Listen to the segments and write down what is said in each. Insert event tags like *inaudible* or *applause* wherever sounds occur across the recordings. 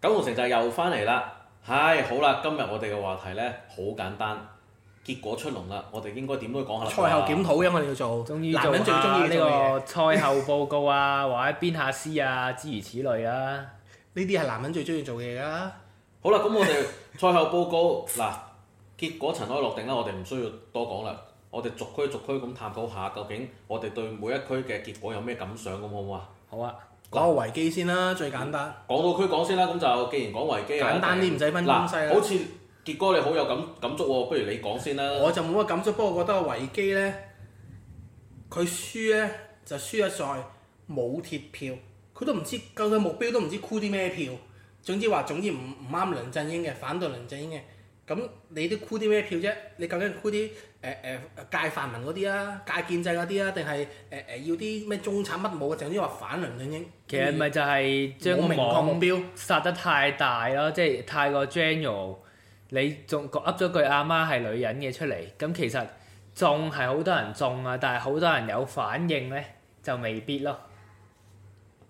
九龍城就又翻嚟啦，唉、哎，好啦，今日我哋嘅話題呢，好簡單，結果出籠啦，我哋應該點都講下啦。賽後檢討，因為你要做，做男人最中意呢個賽後報告啊， *laughs* 或者編下詩啊，諸如此類啊，呢啲係男人最中意做嘢噶、啊。好啦，咁我哋賽後報告嗱， *laughs* 結果塵埃落定啦，我哋唔需要多講啦，我哋逐區逐區咁探討下，究竟我哋對每一區嘅結果有咩感想咁，好唔好啊？好啊。講個維基先啦，最簡單。講到區講先啦，咁就既然講維基，簡單啲唔使分東西啦。好似傑哥你好有感感觸喎、哦，不如你講先啦。我就冇乜感觸，不過我覺得個維基呢，佢輸呢，就輸一載，冇鐵票，佢都唔知究竟目標都唔知箍啲咩票。總之話總之唔唔啱梁振英嘅，反對梁振英嘅。咁你都箍啲咩票啫？你究竟箍啲誒誒介泛民嗰啲啊，介建制嗰啲啊，定係誒誒要啲咩中產乜冇？就應該話反梁振英？其實咪就係將網標殺得太大咯，即係太過 general。你仲噏咗句阿媽係女人嘅出嚟，咁其實中係好多人中啊，但係好多人有反應咧，就未必咯。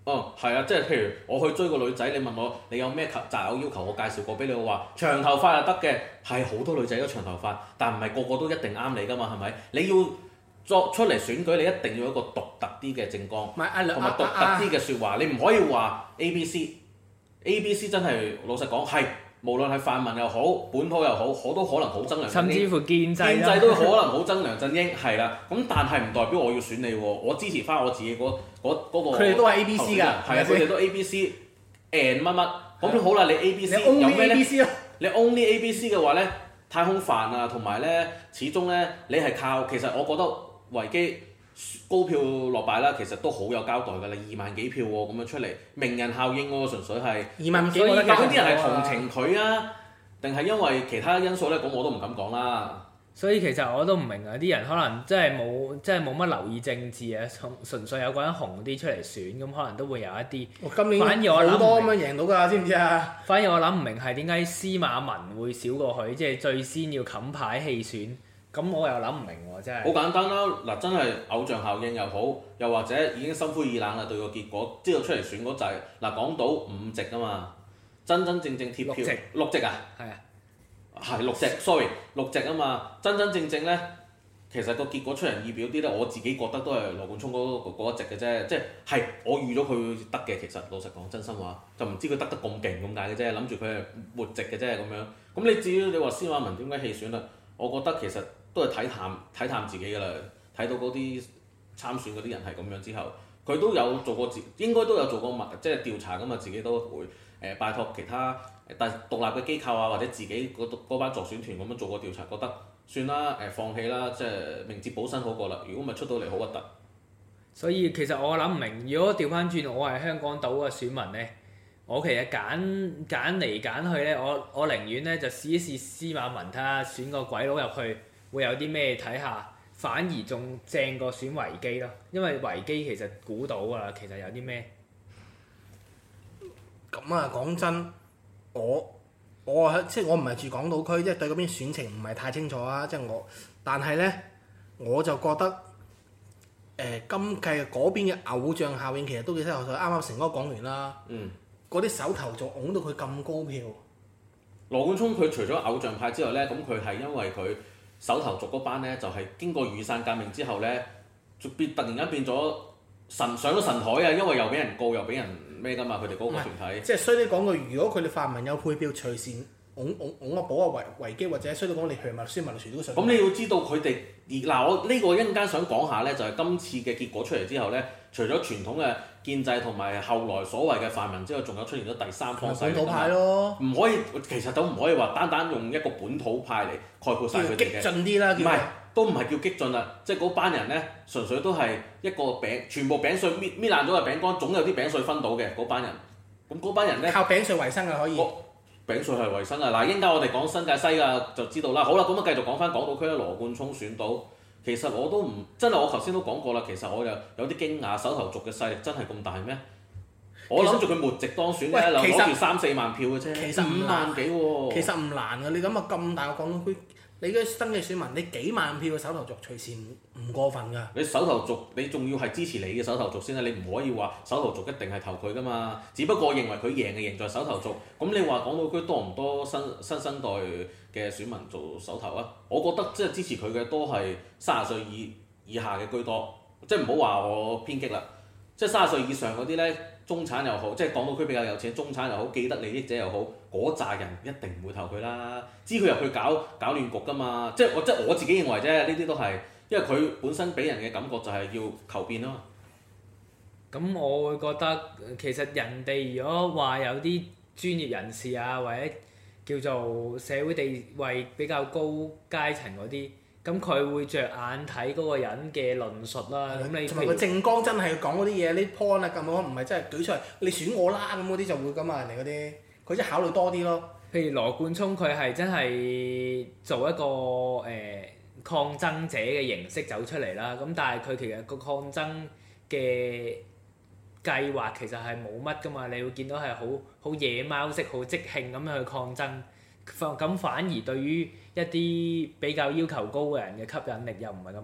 哦，係、嗯、啊，即係譬如我去追個女仔，你問我你有咩擇偶要求，我介紹過俾你，我話長頭髮又得嘅，係好多女仔都長頭髮，但唔係個個都一定啱你噶嘛，係咪？你要作出嚟選舉，你一定要一個獨特啲嘅政綱，同埋獨特啲嘅説話，你唔可以話 A B C，A B C 真係老實講係。無論係泛民又好，本土又好，我都可能好憎梁振英。甚至乎建制，建制都可能好憎梁振英，係啦。 *laughs* 咁但係唔代表我要選你，我支持翻我自己嗰嗰嗰個。佢哋都係 A B C 㗎，係啊才，佢哋對都 A B C and 乜乜。咁的好啦，你 A B C 有咩咧？你 Only A B C 嘅話咧，太空泛啊，同埋咧，始終咧，你係靠其實我覺得維基。高票落敗啦，其實都好有交代㗎啦，二萬幾票喎，咁樣出嚟，名人效應喎，純粹係二萬幾。其實嗰啲人係同情佢啊，定係因為其他因素呢？咁我都唔敢講啦。所以其實我都唔明啊，啲人可能真係冇，真係冇乜留意政治啊，純粹有個人紅啲出嚟選，咁可能都會有一啲。今年好多咁樣贏到㗎，知唔知啊？反而我諗唔明係點解司馬文會少過佢，即係最先要冚牌棄選。咁我又諗唔明喎，啊，真係好簡單啦！嗱，真係偶像效應又好，又或者已經心灰意冷啦，對個結果知道出嚟選嗰陣，就是，嗱講到五席啊嘛，真真正正貼票六席，六席啊，係啊，係六席，Sorry，六席啊嘛，真真正正呢，其實個結果出人意表啲呢。我自己覺得都係羅冠聰嗰嗰一席嘅啫，即係我預咗佢得嘅，其實老實講，真心話就唔知佢得得咁勁咁解嘅啫，諗住佢係末席嘅啫咁樣。咁你至於你話司馬文點解棄選啊？我覺得其實。都係睇探睇探自己㗎啦。睇到嗰啲參選嗰啲人係咁樣之後，佢都有做過自應該都有做過物即係調查咁啊。自己都會誒拜託其他第獨立嘅機構啊，或者自己嗰班助選團咁樣做過調查，覺得算啦、誒，放棄啦，即係明哲保身好過啦。如果咪出到嚟好核突。所以其實我諗唔明，如果調翻轉我係香港島嘅選民呢，我其實揀揀嚟揀去呢，我我寧願呢，就試一試司馬文睇下選個鬼佬入去。會有啲咩睇下，反而仲正過選維基咯，因為維基其實估到啊，其實有啲咩。咁啊，講真，我我即係我唔係住港島區，即係對嗰邊選情唔係太清楚啊。即係我，但係呢，我就覺得誒、呃、今季嗰邊嘅偶像效應其實都幾適合佢。啱啱成個講完啦。嗯。嗰啲手頭仲拱到佢咁高票。羅冠聰佢除咗偶像派之外呢，咁佢係因為佢。手頭續嗰班咧，就係經過雨傘革命之後咧，就變突然間變咗神上咗神台啊！因為又俾人告，又俾人咩㗎嘛？佢哋嗰個團體，即係衰啲講句，如果佢哋泛民有配票，隨時㧬㧬㧬阿保啊維維基，或者衰到講你強民先民船都上。咁、嗯嗯嗯、你要知道佢哋。嗱，我呢個一陣間想講下咧，就係、是、今次嘅結果出嚟之後咧，除咗傳統嘅建制同埋後來所謂嘅泛民之外，仲有出現咗第三方勢。本土派咯，唔可以，其實都唔可以話單單用一個本土派嚟概括晒佢哋嘅。激進啲啦，唔係，唔係，都唔係叫激進啦，即係嗰班人咧，純粹都係一個餅，全部餅碎搣搣爛咗嘅餅乾，總有啲餅碎分到嘅嗰班人。咁嗰班人咧，靠餅碎為生嘅可以。丙稅係為新啊！嗱，應家我哋講新界西啊，就知道啦。好啦，咁啊繼續講返港島區啦。羅冠聰選到，其實我都唔真係，我頭先都講過啦。其實我又有啲驚訝，首投族嘅勢力真係咁大咩？實我諗住佢末席當選嘅，攞攞住三四萬票嘅啫，其實五萬幾喎，其實唔、啊、難啊。你諗下咁大個港島區。你嘅新嘅選民，你幾萬票嘅首投族，隨時唔過分㗎。你首投族，你仲要係支持你嘅首投族先啦。你唔可以話首投族一定係投佢㗎嘛。只不過認為佢贏嘅贏在首投族。咁你話港島區多唔多新新生代嘅選民做首投啊？我覺得即係支持佢嘅都係三十歲以以下嘅居多。即係唔好話我偏激啦。即三十歲以上嗰啲呢，中產又好，即係港島區比較有錢，中產又好，既得利益者又好。嗰扎人一定唔會投佢啦，知佢入去搞搞亂局㗎嘛？即係我即係我自己認為啫，呢啲都係，因為佢本身俾人嘅感覺就係要求變咯。咁我會覺得其實人哋如果話有啲專業人士啊，或者叫做社會地位比較高階層嗰啲，咁佢會着眼睇嗰個人嘅論述啦、啊。咁、嗯、你，同埋個政綱真係講嗰啲嘢，呢 point 啊咁唔係真係舉出嚟，你選我啦咁嗰啲就會㗎嘛、啊，人哋嗰啲。佢即考慮多啲咯，譬如羅冠聰，佢係真係做一個誒、呃、抗爭者嘅形式走出嚟啦。咁但係佢其實個抗爭嘅計劃其實係冇乜㗎嘛，你會見到係好好野貓式、好即興咁樣去抗爭。咁反而對於一啲比較要求高嘅人嘅吸引力又唔係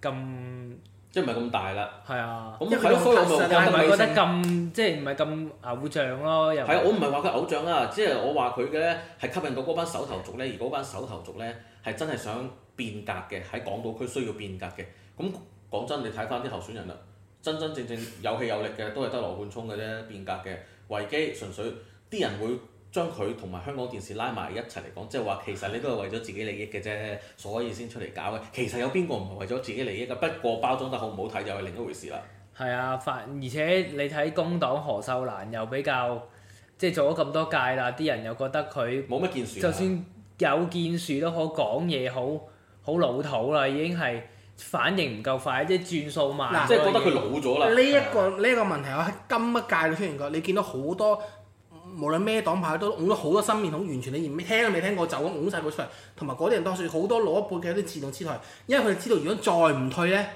咁咁。即係唔係咁大啦，係啊，咁係咯，所以我唔係覺得咁即係唔係咁偶像咯。又係啊，我唔係話佢偶像啊，即係對 我話佢嘅咧係吸引到嗰班手頭族咧，而嗰班手頭族咧係真係想變革嘅，喺港島區需要變革嘅。咁講真，你睇翻啲候選人啦，真真正正有氣有力嘅都係得羅冠聰嘅啫，變革嘅維基純粹啲人會。將佢同埋香港電視拉埋一齊嚟講，即係話其實你都係為咗自己利益嘅啫，所以先出嚟搞嘅。其實有邊個唔係為咗自己利益嘅？不過包裝得好唔好睇就係、是、另一回事啦。係啊，反而且你睇工黨何秀蘭又比較即係做咗咁多屆啦，啲人又覺得佢冇乜件事、啊。就算有建樹都好，講嘢好好老土啦，已經係反應唔夠快，即係轉數慢、啊，即係覺得佢老咗啦。呢一、這個呢一、啊、個問題，我喺今一屆都出現過。你見到好多。無論咩黨派都擁咗好多新面孔，完全你連聽都未聽過就咁擁晒佢出嚟，同埋嗰啲人多數好多老一輩嘅都自動撤退，因為佢哋知道如果再唔退咧，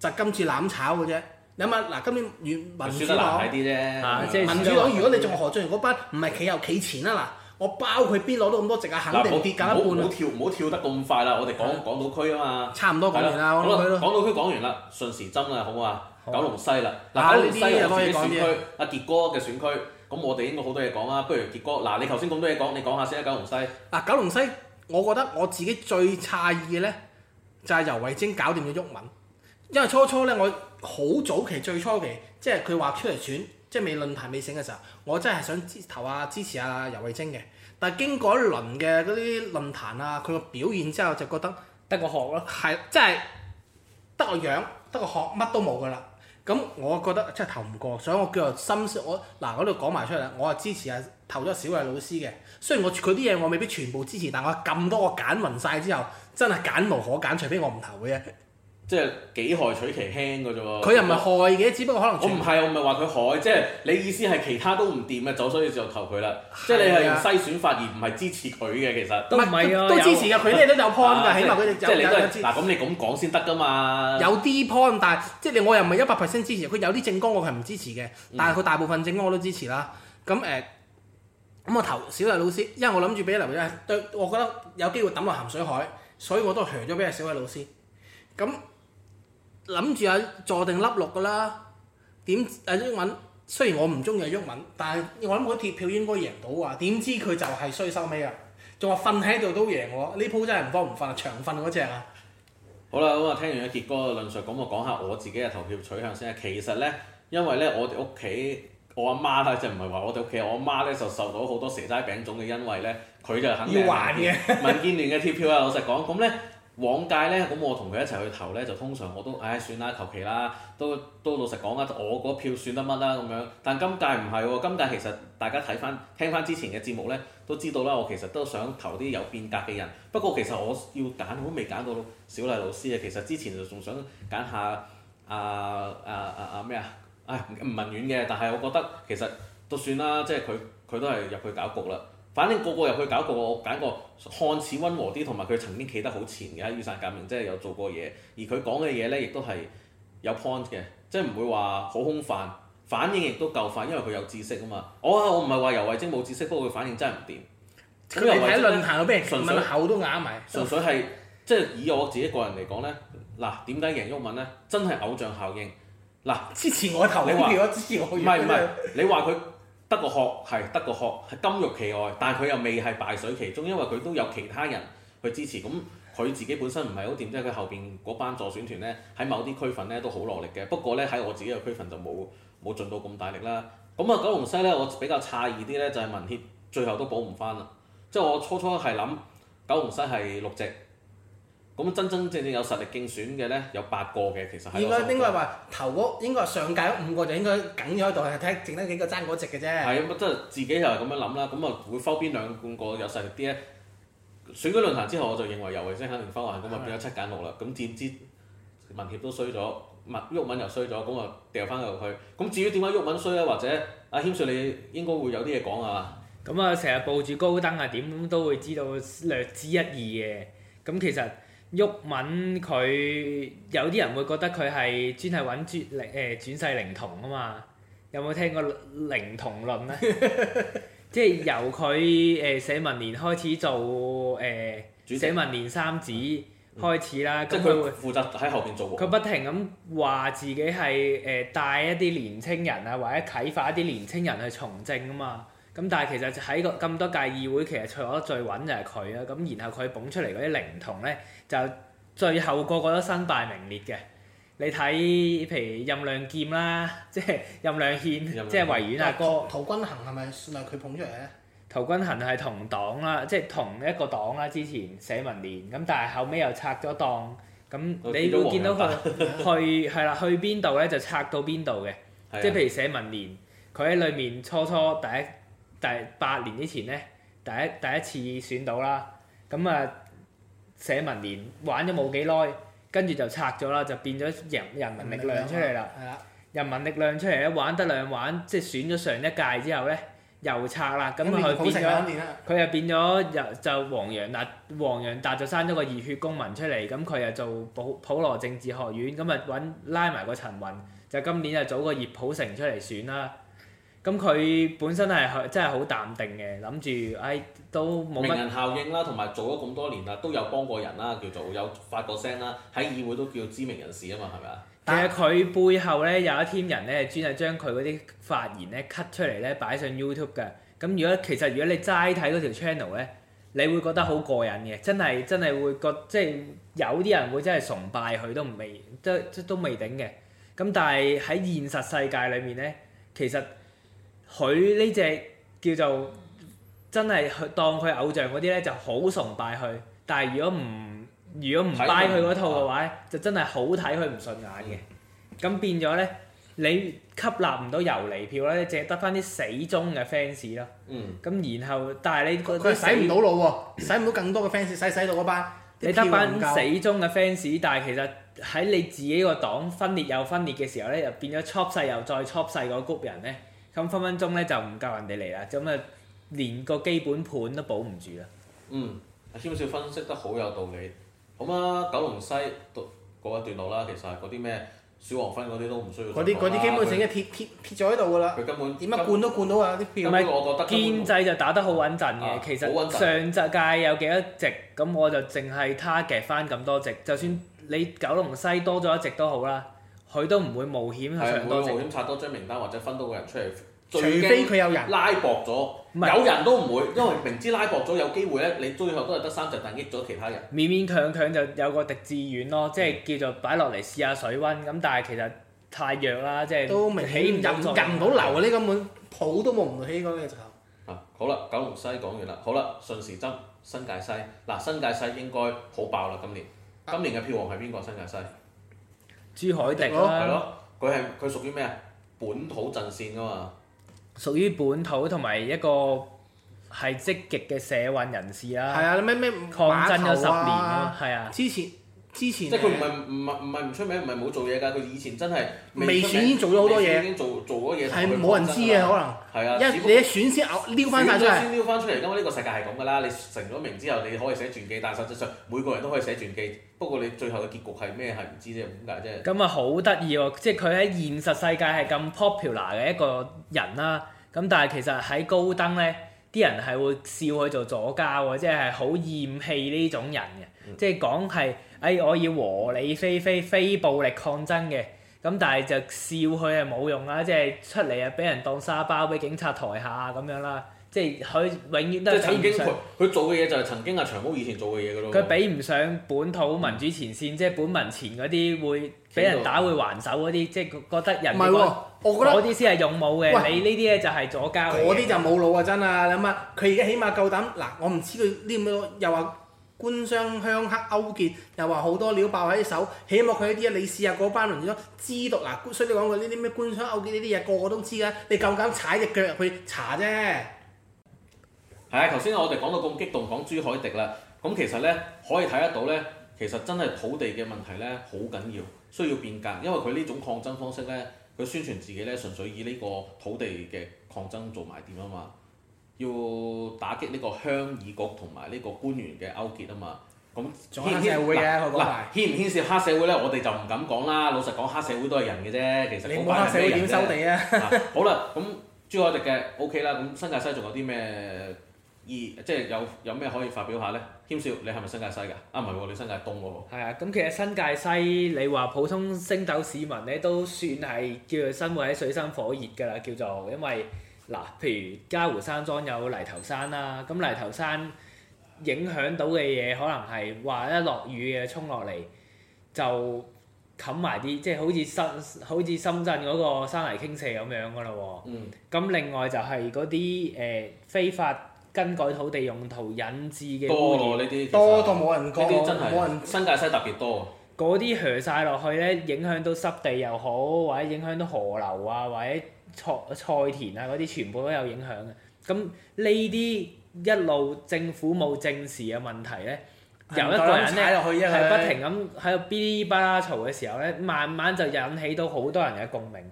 就今次攬炒嘅啫。你啊，嗱今年與民主黨輸得難睇啲啫，的民主黨如果你仲何俊仁嗰班唔係企右企前啦嗱，我包佢邊攞到咁多席啊！肯定跌減一半，好跳唔好跳得咁快啦。我哋講的港島區啊嘛，差唔多講完啦。了島好啦，港島區講完啦，順時針啦，好唔好啊？好的九龍西啦，嗱九龍西又自己選區，阿傑哥嘅選區。咁我哋應該好多嘢講啦，不如傑哥，嗱你頭先咁多嘢講，你講下先啦，九龍西。嗱，九龍西，我覺得我自己最詫異嘅咧，就係游蕙禎搞掂咗毓民。因為初初咧我好早期最初期，即係佢話出嚟選，即係未論壇未醒嘅時候，我真係想支投啊支持下游蕙禎嘅，但係經過一輪嘅嗰啲論壇啊，佢個表現之後，我就覺得得個學咯，係即係得個樣，得個學，乜都冇噶啦。咁、嗯、我覺得真係投唔過，所以我叫做深色我嗱，我度講埋出嚟啦，我啊支持阿投咗小魏老師嘅。雖然我佢啲嘢我未必全部支持，但我咁多我揀勻晒之後，真係揀無可揀，除非我唔投嘅啫。即係幾害取其輕嘅啫喎，佢又唔係害嘅，只不過可能我唔係，我唔係話佢害，即係你意思係其他都唔掂嘅，走所以就求佢啦。即係你係用篩選法而唔係支持佢嘅，其實都唔係，都支持嘅，佢哋都有 point 嘅，起碼佢即係你都係嗱，咁你咁講先得噶嘛？有啲 point，但係即係你我又唔係一百 percent 支持佢，有啲政綱我係唔支持嘅，但係佢大部分政綱我都支持啦。咁誒，咁我投小麗老師，因為我諗住俾劉咗，對，我覺得有機會抌落鹹水海，所以我都賒咗俾阿小麗老師。咁諗住啊，坐定粒六噶啦。點啊？鬱敏雖然我唔中意英文，但係我諗我鐵票應該贏到啊。點知佢就係衰收尾啊！仲話瞓喺度都贏我，呢鋪真係唔幫唔瞓啊，長瞓嗰隻啊！好啦，咁、嗯、啊，聽完阿傑哥嘅論述，咁我講下我自己嘅投票取向先啊。其實咧，因為咧，我哋屋企我阿媽啦，即係唔係話我哋屋企，我阿媽咧就受到好多蛇齋餅糭嘅恩惠咧，佢就肯要還嘅。 *laughs* 民建聯嘅鐵票啊，老實講咁咧。往屆呢，咁我同佢一齊去投呢，就通常我都，唉，算啦，求其啦，都都老實講啦，我嗰票算得乜啦咁樣。但今屆唔係喎，今屆其實大家睇翻聽翻之前嘅節目呢，都知道啦。我其實都想投啲有變革嘅人，不過其實我要揀，我都未揀到小麗老師啊。其實之前就仲想揀下阿阿阿阿咩啊，啊，啊，啊，唉，唔問遠嘅。但係我覺得其實都算啦，即係佢佢都係入去搞局啦。反正個個入去搞，個個揀個看似溫和啲，同埋佢曾經企得好前嘅，雨傘革命即係有做過嘢。而佢講嘅嘢咧，亦都係有 point 嘅，即係唔會話好空泛。反應亦都夠快，因為佢有知識啊嘛。我啊，我唔係話游蕙禎冇知識，不過佢反應真係唔掂。你睇論壇有咩？純粹口都啞埋。純粹係即係以我自己個人嚟講咧，嗱，點解贏毓民咧？真係偶像效應。嗱，支持我頭你說，我頭你話支持我。唔係唔係， *laughs* 你話佢。得個殼係得個殼係金玉其外，但係佢又未係敗絮其中，因為佢都有其他人去支持。咁佢自己本身唔係好掂，即係佢後邊嗰班助選團咧，喺某啲區份咧都好落力嘅。不過咧喺我自己嘅區份就冇冇盡到咁大力啦。咁、嗯、啊，九龍西咧我比較詫異啲咧就係、是、民協最後都補唔返啦。即係我初初係諗九龍西係六席。咁真真正正有實力競選嘅咧，有八個嘅。其實係應該應該話頭嗰應該上屆五個就應該梗咗喺度，係睇剩得幾個爭嗰隻嘅啫。係咁，即係自己又係咁樣諗啦。咁啊會分邊兩半個有實力啲咧？選舉論壇之後我就認為游蕙禎肯定分完咁啊變咗七揀六啦。咁的漸漸民協都衰咗，黃毓民又衰咗，咁啊掉翻入去。咁至於點解毓民衰咧？或者阿軒帥，啊、你應該會有啲嘢講係嘛？咁啊，成日報住高登啊，點都會知道略知一二嘅。咁其實～毓民，佢有啲人會覺得佢係專係揾轉靈、誒，轉世靈童啊嘛，有冇聽過靈童論咧？ *laughs* 即係由佢誒社民連開始做誒、呃、席社民連三子開始啦，咁佢、嗯嗯、負責喺後邊做。佢不停咁話自己係誒帶一啲年青人啊，或者啟發一啲年青人去從政啊嘛。咁但係其實喺個咁多屆議會，其實除咗最穩就係佢啦。咁然後佢捧出嚟嗰啲靈童咧，就最後個個都身敗名裂嘅。你睇譬如任亮劍啦，即係任亮憲，即係維園阿哥。陶君行係咪算係佢捧出嚟咧？陶君行係同黨啦，即係同一個黨啦。之前社民連咁，但係後尾又拆咗檔。咁你會見到佢去係啦， *laughs* 去邊度咧就拆到邊度嘅。即係的譬如社民連，佢喺裏面初初第一。第八年之前呢，第一第一次選到啦，咁啊，社民連玩咗冇幾耐，嗯、跟住就拆咗啦，就變咗人人民力量出嚟啦。人民力量出嚟咧，玩得兩玩，即、就、係、是、選咗上一屆之後呢，又拆啦，咁佢變咗，佢又、嗯、變咗又、嗯、就、就黃洋達，黃洋達就生咗個熱血公民出嚟，咁佢又做普普羅政治學院，咁啊揾拉埋個陳雲，就今年就組個熱普城出嚟選啦。咁佢本身係真係好淡定嘅，諗住誒都冇乜名人效應啦，同埋做咗咁多年啦，都有幫過人啦，叫做有發過聲啦，喺議會都叫知名人士啊嘛，係咪啊？但係其實佢背後咧有一 team 人咧專係將佢嗰啲發言咧 cut 出嚟咧擺上 YouTube 嘅。咁如果其實如果你齋睇嗰條 channel 咧，你會覺得好過癮嘅，真係真係會覺即係有啲人會真係崇拜佢都未即都都未頂嘅。咁但係喺現實世界裡面咧，其實佢呢，只叫做真係當佢偶像嗰啲咧就好崇拜佢，但係如果唔如果唔 buy 佢嗰套嘅話咧，就真係好睇佢唔順眼嘅。咁變咗咧，你吸納唔到遊離票啦，你淨係得翻啲死忠嘅 fans 咯。嗯。咁然後，但係你佢洗唔到腦喎，洗唔到更多嘅 fans，使使到嗰班你得翻死忠嘅 fans，但係其實喺你自己個黨分裂又分裂嘅時候咧，又變咗 chop 細又再 chop 細嗰 group 人咧。咁分分鐘咧就唔夠人哋嚟啦，咁啊連個基本盤都保唔住啦。嗯，阿蕭少分析得好有道理。好啦、啊，九龍西到過一段路一段落啦，其實嗰啲咩小黃分嗰啲都唔需要。嗰啲嗰啲基本性嘅撇撇撇咗喺度㗎啦。佢根本點樣灌都灌到啊啲票。唔係是，我覺得。建制就打得好穩陣嘅，啊、其實上一屆有幾多席？咁我就淨係他夾翻咁多席，就算你九龍西多咗一席都好啦。佢都唔會冒險係拆多張，啊、冒險拆多張名單或者分多個人出嚟，除非佢有人拉薄咗，有人都唔會，都因為明知拉薄咗有機會咧，你最後都係得三隻但益咗其他人。勉勉強強就有個狄志遠咯，即、就、係、是、叫做擺落嚟試下水溫咁，但係其實太弱啦，即、就、係、是、都明起，引唔唔到流啊？呢根、嗯、本抱都抱唔起嗰嘅時候。啊，好啦，九龍西講完啦，好啦，順時針，新界西嗱、啊，新界西應該好爆啦，今年，今年嘅票王係邊個？新界西。朱凱迪啦、啊嗯，佢係佢屬於咩啊？本土陣線噶嘛，屬於本土同埋一個係積極嘅社運人士啊。係啊，你咩咩抗爭咗十年啊，係啊。是的 之前之前即係佢唔係唔係唔係唔出名，唔係冇做嘢㗎。佢以前真係未，未先已經做未先已經做咗好多嘢，已做做咗嘢係冇人知嘅可能。係啊的，一你一選先拗撩翻曬出嚟先撩翻出嚟。因為呢個世界係咁㗎啦。你成咗名之後，你可以寫傳記，但實際上每個人都可以寫傳記。不過你最後嘅結局係咩係唔知啫？點解、嗯嗯、即係咁啊？好得意喎！即係佢喺現實世界係咁 popular 嘅一個人啦。咁但係其實喺高登咧，啲人係會笑佢做左家喎、就是，即係係好厭棄呢種人嘅，即係講係。哎，我要和理非非，非暴力抗爭嘅，咁但係就笑佢係冇用啦，即係出嚟啊，俾人當沙包，俾警察抬下咁樣啦，即係佢永遠都係。曾經佢做嘅嘢就係曾經阿長毛以前做嘅嘢噶咯。佢比唔上本土民主前線，嗯、即係本民前嗰啲會俾人打會還手嗰啲，過即係覺得人覺得。唔、哦、我覺得嗰啲先係勇武嘅喂，你呢啲咧就係左膠。嗰啲就冇腦啊，真啊！你諗啊，佢而家起碼夠膽嗱，我唔知佢呢咁又話。又官商鄉黑勾結，又話好多料爆喺手，起碼佢呢啲啊，你試下嗰班人都知道。嗱、啊，所以你講佢呢啲咩官商勾結呢啲嘢，個個都知啦。你夠唔夠踩隻腳入去查啫？係啊，頭先我哋講到咁激動，講朱凱迪啦。咁其實呢，可以睇得到呢，其實真係土地嘅問題呢，好緊要，需要變革。因為佢呢種抗爭方式呢，佢宣傳自己呢，純粹以呢個土地嘅抗爭做賣點啊嘛。要打擊呢個鄉議局同埋呢個官員嘅勾結啊嘛，咁、啊、牽牽涉黑社會嘅嗱那牽唔牽涉黑社會呢？我哋就唔敢講啦。老實講，黑社會都係人嘅啫，其實冇辦法點收你啊， *laughs* 啊。好啦，咁朱海迪嘅 OK 啦。咁新界西仲有啲咩意義？即係有有咩可以發表下呢？謙少，你係咪新界西㗎？啊唔係喎，你新界東喎。係啊，咁其實新界西你話普通星斗市民咧，都算係叫做生活喺水深火熱㗎啦，叫做因為。嗱，譬如嘉湖山莊有泥頭山啦，咁泥頭山影響到嘅嘢，可能係話一落雨嘅沖落嚟就冚埋啲，即係好似深好似深圳嗰個山泥傾瀉咁樣噶啦喎。嗯。咁另外就係嗰啲誒非法更改土地用途引致嘅污染，多呢啲多到冇人講喎，真係冇人。新界西特別多。嗰啲牆晒落去呢，影響到濕地又好，或者影響到河流啊，或者。或者菜菜田啊，嗰啲全部都有影響嘅。咁呢啲一路政府冇正視嘅問題咧，嗯、由一個人踩落去，係不停咁喺度嗶哩巴啦嘈嘅時候咧，慢慢就引起到好多人嘅共鳴，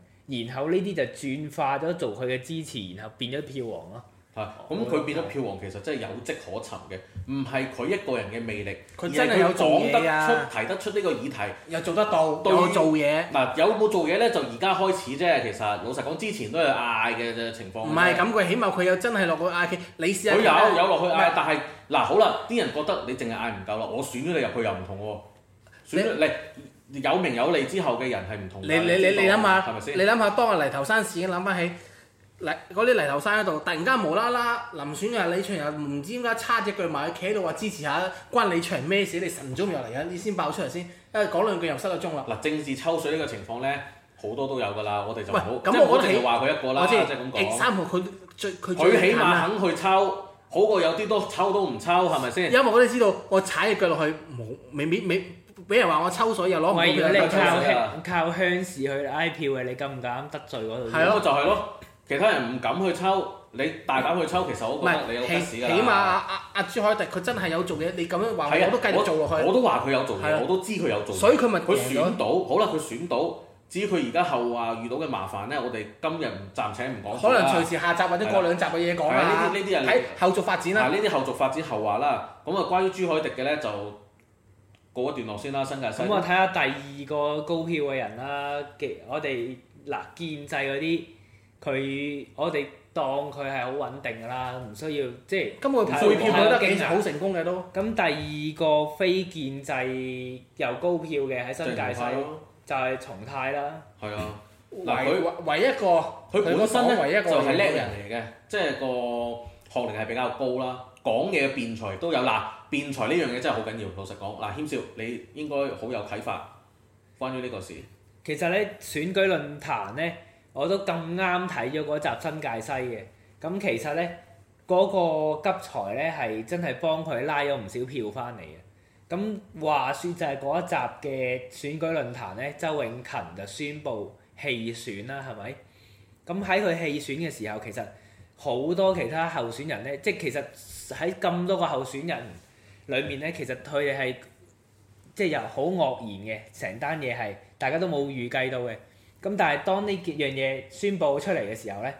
然後呢啲就轉化咗做佢嘅支持，然後變咗票王咯。係，咁佢變咗票王，其實真係有跡可尋嘅，唔係佢一個人嘅魅力，佢而係有講得出、提得出呢個議題，又做得到，對做嘢。嗱，有冇做嘢呢？就而家開始啫。其實老實講，之前都有嗌嘅情況。唔係咁，佢起碼佢有真係落去嗌，你試下。佢有有落去嗌，但係嗱好啦，啲人覺得你淨係嗌唔夠啦，我選咗你入去又唔同喎。選有名有利之後嘅人係唔同㗎。你你你你諗下，你諗下當日泥頭山事，諗翻起。嗰啲泥頭山喺度，突然間無啦啦，臨選嘅李翔又唔知點解叉隻腳埋，企喺度話支持下，關李翔咩事？你神鐘又嚟啊？你先爆出嚟先，因為講兩句又失咗鐘啦。嗱，政治抽水呢個情況咧，好多都有噶啦，我哋就唔好即係我哋要話佢一個啦，即係咁講。第三號佢最起碼肯去抽，好過有啲都抽都唔抽，係咪先？因為我哋知道，我踩隻腳落去，冇微微微，俾人話我抽水又攞。為咗你靠靠鄉事去拉票嘅，你敢唔敢得罪嗰度？係咯，就係咯。其他人唔敢去抽，你大膽去抽，其實我都覺得你有本事㗎啦。起起碼阿、啊、阿、啊啊、朱凱迪佢真係有做嘢，你咁樣話的我都繼續做落去我。我都話佢有做嘢，的我都知佢有做，所以佢咪佢選到，好啦，佢選到。至於佢而家後話遇到嘅麻煩咧，我哋今日暫且唔講。可能隨時下集或者過兩集嘅嘢講啦。呢啲呢啲人睇後續發展啦。嗱呢啲後續發展後話啦，咁啊關於朱凱迪嘅咧就過一段落先啦，新界西。咁我睇下第二個高票嘅人啦，嘅我哋嗱建制嗰啲。佢我哋當佢係好穩定㗎啦，唔需要即係。根本票票都幾好成功嘅都。咁第二個非建制又高票嘅喺新界西明，就係、是、重泰啦。係啊、嗯，嗱佢唯，唯，唯一個佢本身咧，唯一一個係叻他的 人嚟嘅，即係、就是、個學歷係比較高啦，講嘢嘅辯才都有嗱，辯才呢樣嘢真係好緊要。老實講嗱，謙少，你應該好有啟發關於呢個事。其實咧，選舉論壇咧。我都咁啱睇咗嗰集《新界西》嘅，咁其實呢，嗰、那個急才呢係真係幫佢拉咗唔少票翻嚟嘅。咁話說就係嗰一集嘅選舉論壇呢，周永勤就宣布棄選啦，係咪？咁喺佢棄選嘅時候，其實好多其他候選人呢，即係其實喺咁多個候選人裡面呢，其實佢哋係即係又好愕然嘅，成單嘢係大家都冇預計到嘅。咁但係當呢幾樣嘢宣佈出嚟嘅時候呢，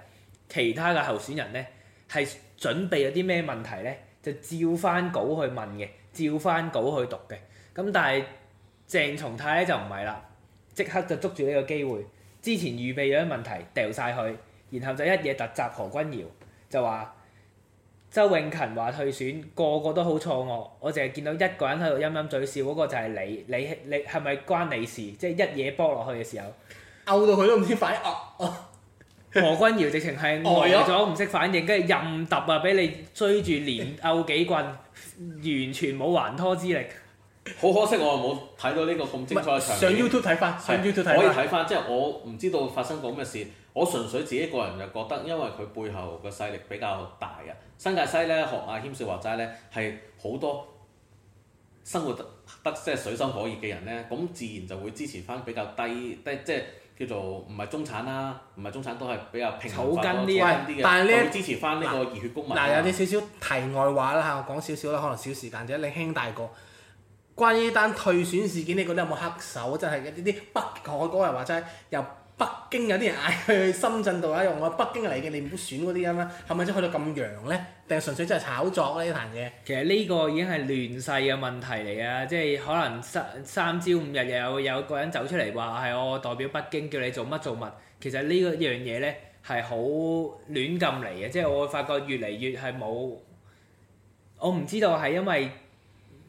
其他嘅候選人呢係準備咗啲咩問題呢？就照翻稿去問嘅，照翻稿去讀嘅。咁但係鄭松泰呢，就唔係啦，即刻就捉住呢個機會，之前預備咗啲問題掉晒佢，然後就一嘢突襲何君堯，就話周永勤話退選，個個都好錯愕，我淨係見到一個人喺度陰陰嘴笑，嗰個就係你，你你係咪關你事？即係一嘢波落去嘅時候。拗到佢都唔知反愕，啊，啊、何君堯直情係呆咗，唔識、嗯、反應，跟住任揼啊，俾你追住連拗幾棍，完全冇還拖之力。好可惜，我又冇睇到呢個咁精彩嘅場面。上 YouTube 睇翻。是上 YouTube 睇翻可以睇翻。即、就、係、是、我唔知道發生過咩事，我純粹自己個人就覺得，因為佢背後嘅勢力比較大啊。新界西咧，學阿謙少話齋咧，係好多生活得即係水深火熱嘅人咧，咁自然就會支持翻比較低低即係。即即叫做唔係中產啦，唔係中產都係比較平啲，草根啲。但係呢，支持翻呢個熱血公民。嗱、啊啊，有啲少少題外話啦，我講少少啦，可能少時間啫。你兄大個，關於單退選事件，你覺得有冇黑手？真係一啲啲北不嗰個人話齋又。北京有啲人嗌去深圳度啊，用我北京嚟嘅，你唔好選嗰啲啊嘛，係咪真去到咁樣呢？定純粹真係炒作呢壇嘢？其實呢個已經係亂世嘅問題嚟啊！即係可能三三朝五日又有有個人走出嚟話係我代表北京叫你做乜做乜。其實呢個一樣嘢呢係好亂咁嚟嘅。嗯、即係我會發覺越嚟越係冇，我唔知道係因為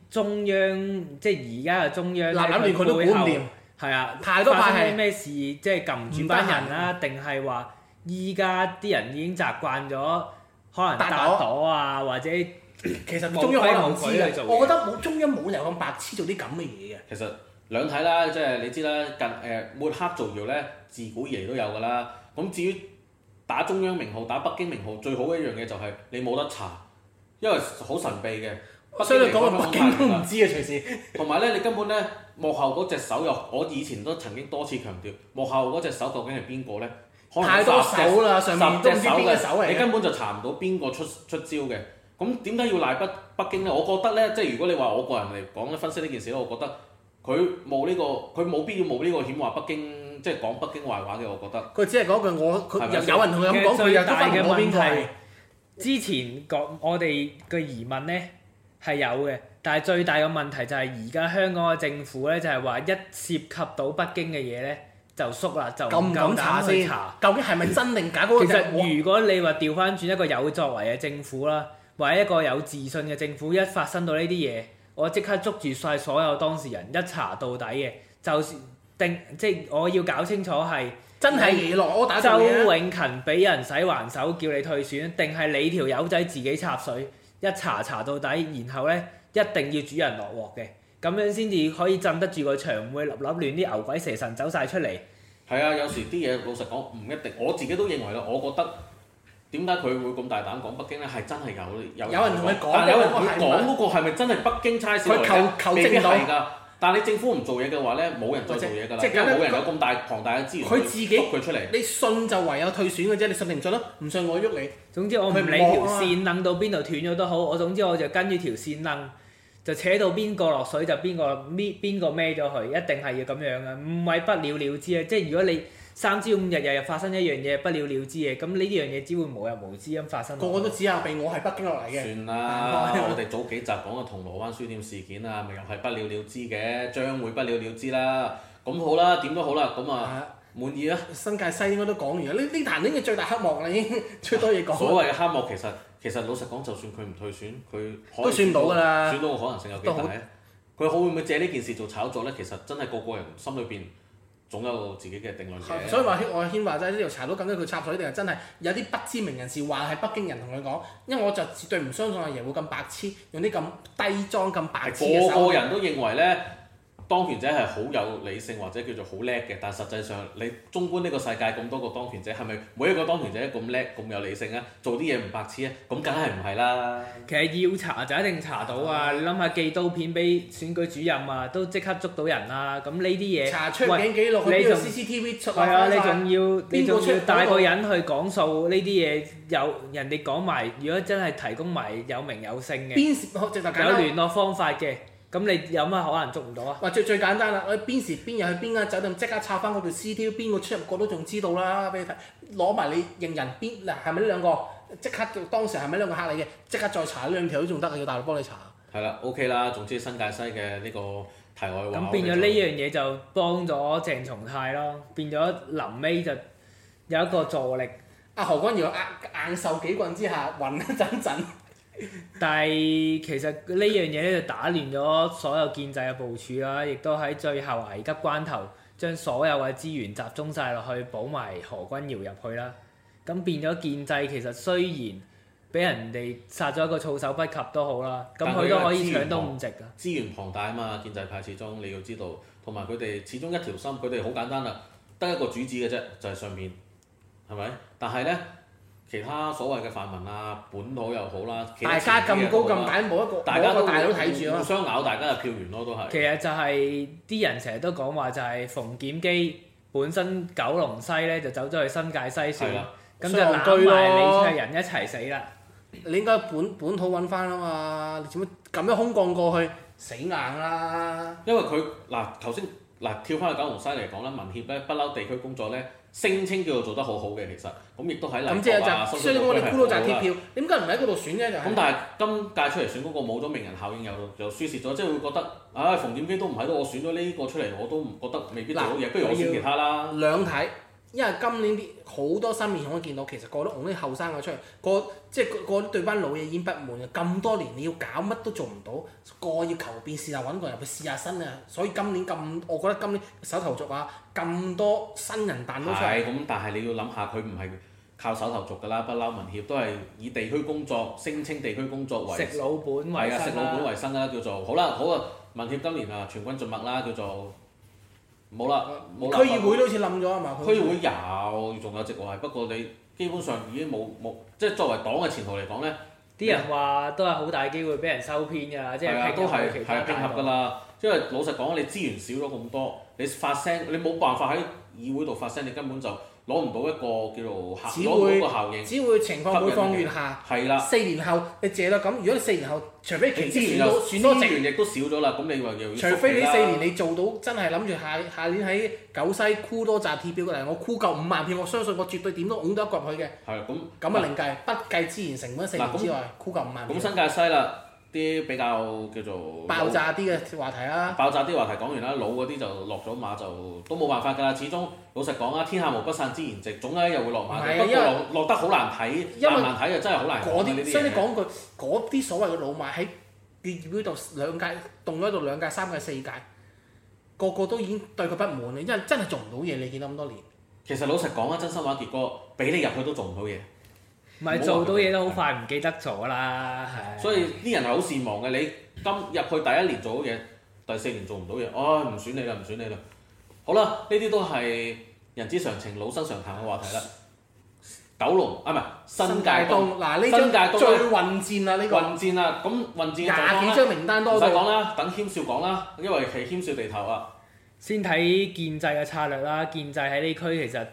中央即係而家嘅中央，嗱亂、嗯，佢都管唔掂。係啊，發生啲咩事？即係撳轉班人啊？定係話依家啲人已經習慣咗，可能打打賭啊，或者其實中央無，我覺得冇中央冇人咁白痴做啲咁嘅嘢嘅。其實兩睇啦，即係你知啦，近誒抹黑造謠咧，自古以嚟都有㗎啦。咁至於打中央名號、打北京名號，最好嘅一樣嘢就係你冇得查，因為好神秘嘅。所以你講到北京都唔知啊，隨時。同埋咧，你根本咧幕後嗰隻手又，我以前都曾經多次強調，幕後嗰隻手究竟係邊個咧？可能太多手啦，隻上面都唔知邊隻手嚟。你根本就查唔到邊個出出招嘅。咁點解要賴北北京咧？我覺得咧，即係如果你話我個人嚟講咧，分析呢件事咧，我覺得佢冇呢個，佢冇必要冒呢個險話北京，即、就、係、是、講北京壞話嘅。我覺得佢只係講句我，佢有，有人同佢咁講，佢有分我邊台。之前講我哋嘅疑問咧。係有嘅，但係最大嘅問題就係而家香港嘅政府咧，就係、是、話一涉及到北京嘅嘢咧，就縮啦，就唔夠膽去查。究竟係咪真定假？ *laughs* 其實我 如果你話調翻轉一個有作為嘅政府啦，或者一個有自信嘅政府，一發生到呢啲嘢，我即刻捉住晒所有當事人，一查到底嘅，就算定即係我要搞清楚係真係而羅，打錯周永勤俾人使橫手，叫你退選，定係你條友仔自己插水？一查查到底，然後呢，一定要主人落鑊嘅，咁樣先至可以鎮得住個場，唔會立立亂啲牛鬼蛇神走晒出嚟。係啊，有時啲嘢老實講唔一定，我自己都認為啦，我覺得點解佢會咁大膽講北京呢？係真係有有人同佢講，有人同佢講嗰個係咪真係北京差事嚟？佢求求證嚟。但係你政府唔做嘢嘅話咧，冇人再做嘢㗎啦，即係冇人有咁大龐大嘅資源去喐佢出嚟。你信就唯有退選嘅啫，你信定唔信咯？唔信我喐你。總之我唔理、啊、條線掹到邊度斷咗都好，我總之我就跟住條線掹，就扯到邊個落水就邊個搣邊個孭咗佢，一定係要咁樣嘅，唔係不了了之啊！即係如果你。三朝五日日日發生一樣嘢，不了了，了之嘅，咁呢啲樣嘢只會無日無知咁發生。個個都指下畀了、哎，我係北京落嚟嘅。算啦，我哋早幾集講嘅銅鑼灣書店事件啊，咪又係不了了之嘅，將會不了了之啦。咁好啦，點都好啦，咁啊滿意啦、啊。新界西應該都講完啦，呢呢壇已經最大黑幕啦，已 *laughs* 經最多嘢講。所謂嘅黑幕其實其實老實講，就算佢唔退選，佢都算到噶啦。選到嘅可能性有幾大？佢好很會唔會借呢件事做炒作咧？其實真係個個人心裏邊。總有自己嘅定論嘅。所以話薛愛憲話齋呢條查到咁多，佢插水定係真係有啲不知名人士話係北京人同佢講？因為我就絕對唔相信阿爺，爺會咁白痴，用啲咁低裝咁白痴嘅手法。個個人都認為咧。當權者係好有理性或者叫做好叻嘅，但係實際上你綜觀呢個世界咁多個當權者係咪每一個當權者咁叻咁有理性啊？做啲嘢唔白痴啊？咁梗係唔係啦？其實要查就一定查到啊！的你諗下寄刀片俾選舉主任啊，都即刻捉到人啦，啊！咁呢啲嘢查出境記錄，你仲 CCTV 出係啊？你仲要邊個出？帶個人去講數呢啲嘢，有人哋講埋，如果真係提供埋有名有姓，嘅，有聯絡方法嘅。咁你有乜可能捉唔到啊？話最最簡單啦，我邊時邊日去邊間酒店即刻插翻嗰條 CCTV，邊個出入過都仲知道啦，俾你睇。攞埋你認人邊嗱，係咪呢兩個？即刻當時係咪呢兩個客嚟嘅？即刻再查呢兩條都仲得，要大佬幫你查。係啦，OK 啦，總之新界西嘅呢個題外話。咁變咗呢樣嘢就幫咗鄭松泰咯，變咗臨尾就有一個助力。阿何君堯阿硬受幾棍之下暈一陣陣。 *laughs* 但係其實呢樣嘢咧就打亂咗所有建制嘅部署啦，亦都喺最後危急關頭將所有嘅資源集中晒落去保埋何君堯入去啦。咁變咗建制其實雖然俾人哋殺咗一個措手不及都好啦，咁佢都可以搶到五席㗎。資源龐大啊嘛！建制派始終你要知道，同埋佢哋始終一條心，佢哋好簡單啦，得一個主旨嘅啫，就係、是、上面，係咪？但係呢。其他所謂嘅泛民啊，本土又好啦，大家咁高咁大都冇一個，冇一個大佬睇住互相咬大家嘅票源咯，都係。其實就係啲人成日都講話，就係馮檢基本身九龍西咧就走咗去新界西選，咁就攬埋你嘅人一齊死啦！你應該本本土揾翻啊嘛，你做乜咁樣空降過去死硬啦？因為佢嗱頭先嗱跳翻去九龍西嚟講啦，民協咧不嬲地區工作咧。聲稱叫做做得好的、啊、是好嘅，其實咁亦都喺例如話，所以我哋孤島寨貼票，點解唔喺嗰度選咧？就咁是，但係的今屆出嚟選嗰個冇咗名人效應，又就輸蝕咗，即係會覺得，唉、哎，馮檢基都唔係，都我選咗呢個出嚟，我都唔覺得未必做那不如我選其他啦，兩睇。因為今年啲好多新面孔都見到，其實過多嗰啲後生嘅出嚟，過即係過過對班老嘢已經不滿，咁多年你要搞乜都做唔到，個要求變試下揾個人去試下新啊！所以今年咁，我覺得今年手頭族啊咁多新人彈都出嚟。係咁，但係你要諗下，佢唔係靠手頭族㗎啦，不嬲民協都係以地區工作、聲稱地區工作為食老本為係啊，食老本為生啦、啊，叫做好啦、啊，好啊，民協今年啊全軍盡墨啦，叫做。冇啦，區議會都好似冧咗啊嘛。區議會有，仲有席位，不過你基本上已經冇冇，即係作為黨嘅前途嚟講咧，啲人話都係好大機會俾人收編㗎，即係拼合其他大黨。係啊，都係係拼合㗎啦。因為老實講，你資源少咗咁多，你發聲，你冇辦法喺議會度發聲，你根本就。攞唔到一個叫做客攞到個效應，只會情況會每況愈下。係啦，四年後你借啦咁，如果你四年後，除非期其其，資源又資源亦都少咗啦，咁你話又除非你四年你做到真係諗住下下年喺九西箍多紮貼票過嚟，我箍夠五萬票，我相信我絕對點都揾到一個入去嘅。係咁咁啊！另計，但不計資源成本四年之外，箍夠那五萬票。咁新界西啦。啲比較叫做爆炸啲嘅話題啦，啊，爆炸啲話題講完啦，老嗰啲就落咗馬就都冇辦法㗎啦。始終老實講啊，天下無不散之筵席，總有一日會落馬嘅。落得好難睇，因為難難睇就真係好難睇。啲所以你講句，嗰啲所謂嘅老馬喺業業嗰度兩屆，動咗到兩屆、三屆、四屆，個個都已經對佢不滿你，因為真係做唔到嘢。你見到咁多年，其實老實講啊，真心話，傑哥俾你入去，去都做唔到嘢。唔係做到嘢都好快唔記得咗啦，係的。的所以啲人係好善忘嘅。你今入去第一年做到嘢，第四年做唔到嘢，哦、哎，唔選你啦，唔選你啦。好啦，呢啲都係人之常情、老生常談嘅話題啦。九龍啊，唔係新界東。嗱，呢張。新界東最混戰啦、啊，呢、呢個。混戰啦、啊，咁混戰廿幾張名單多過。唔使講啦，等謙少講啦，因為係謙少地頭啊。先睇建制嘅策略啦，建制喺呢區其實。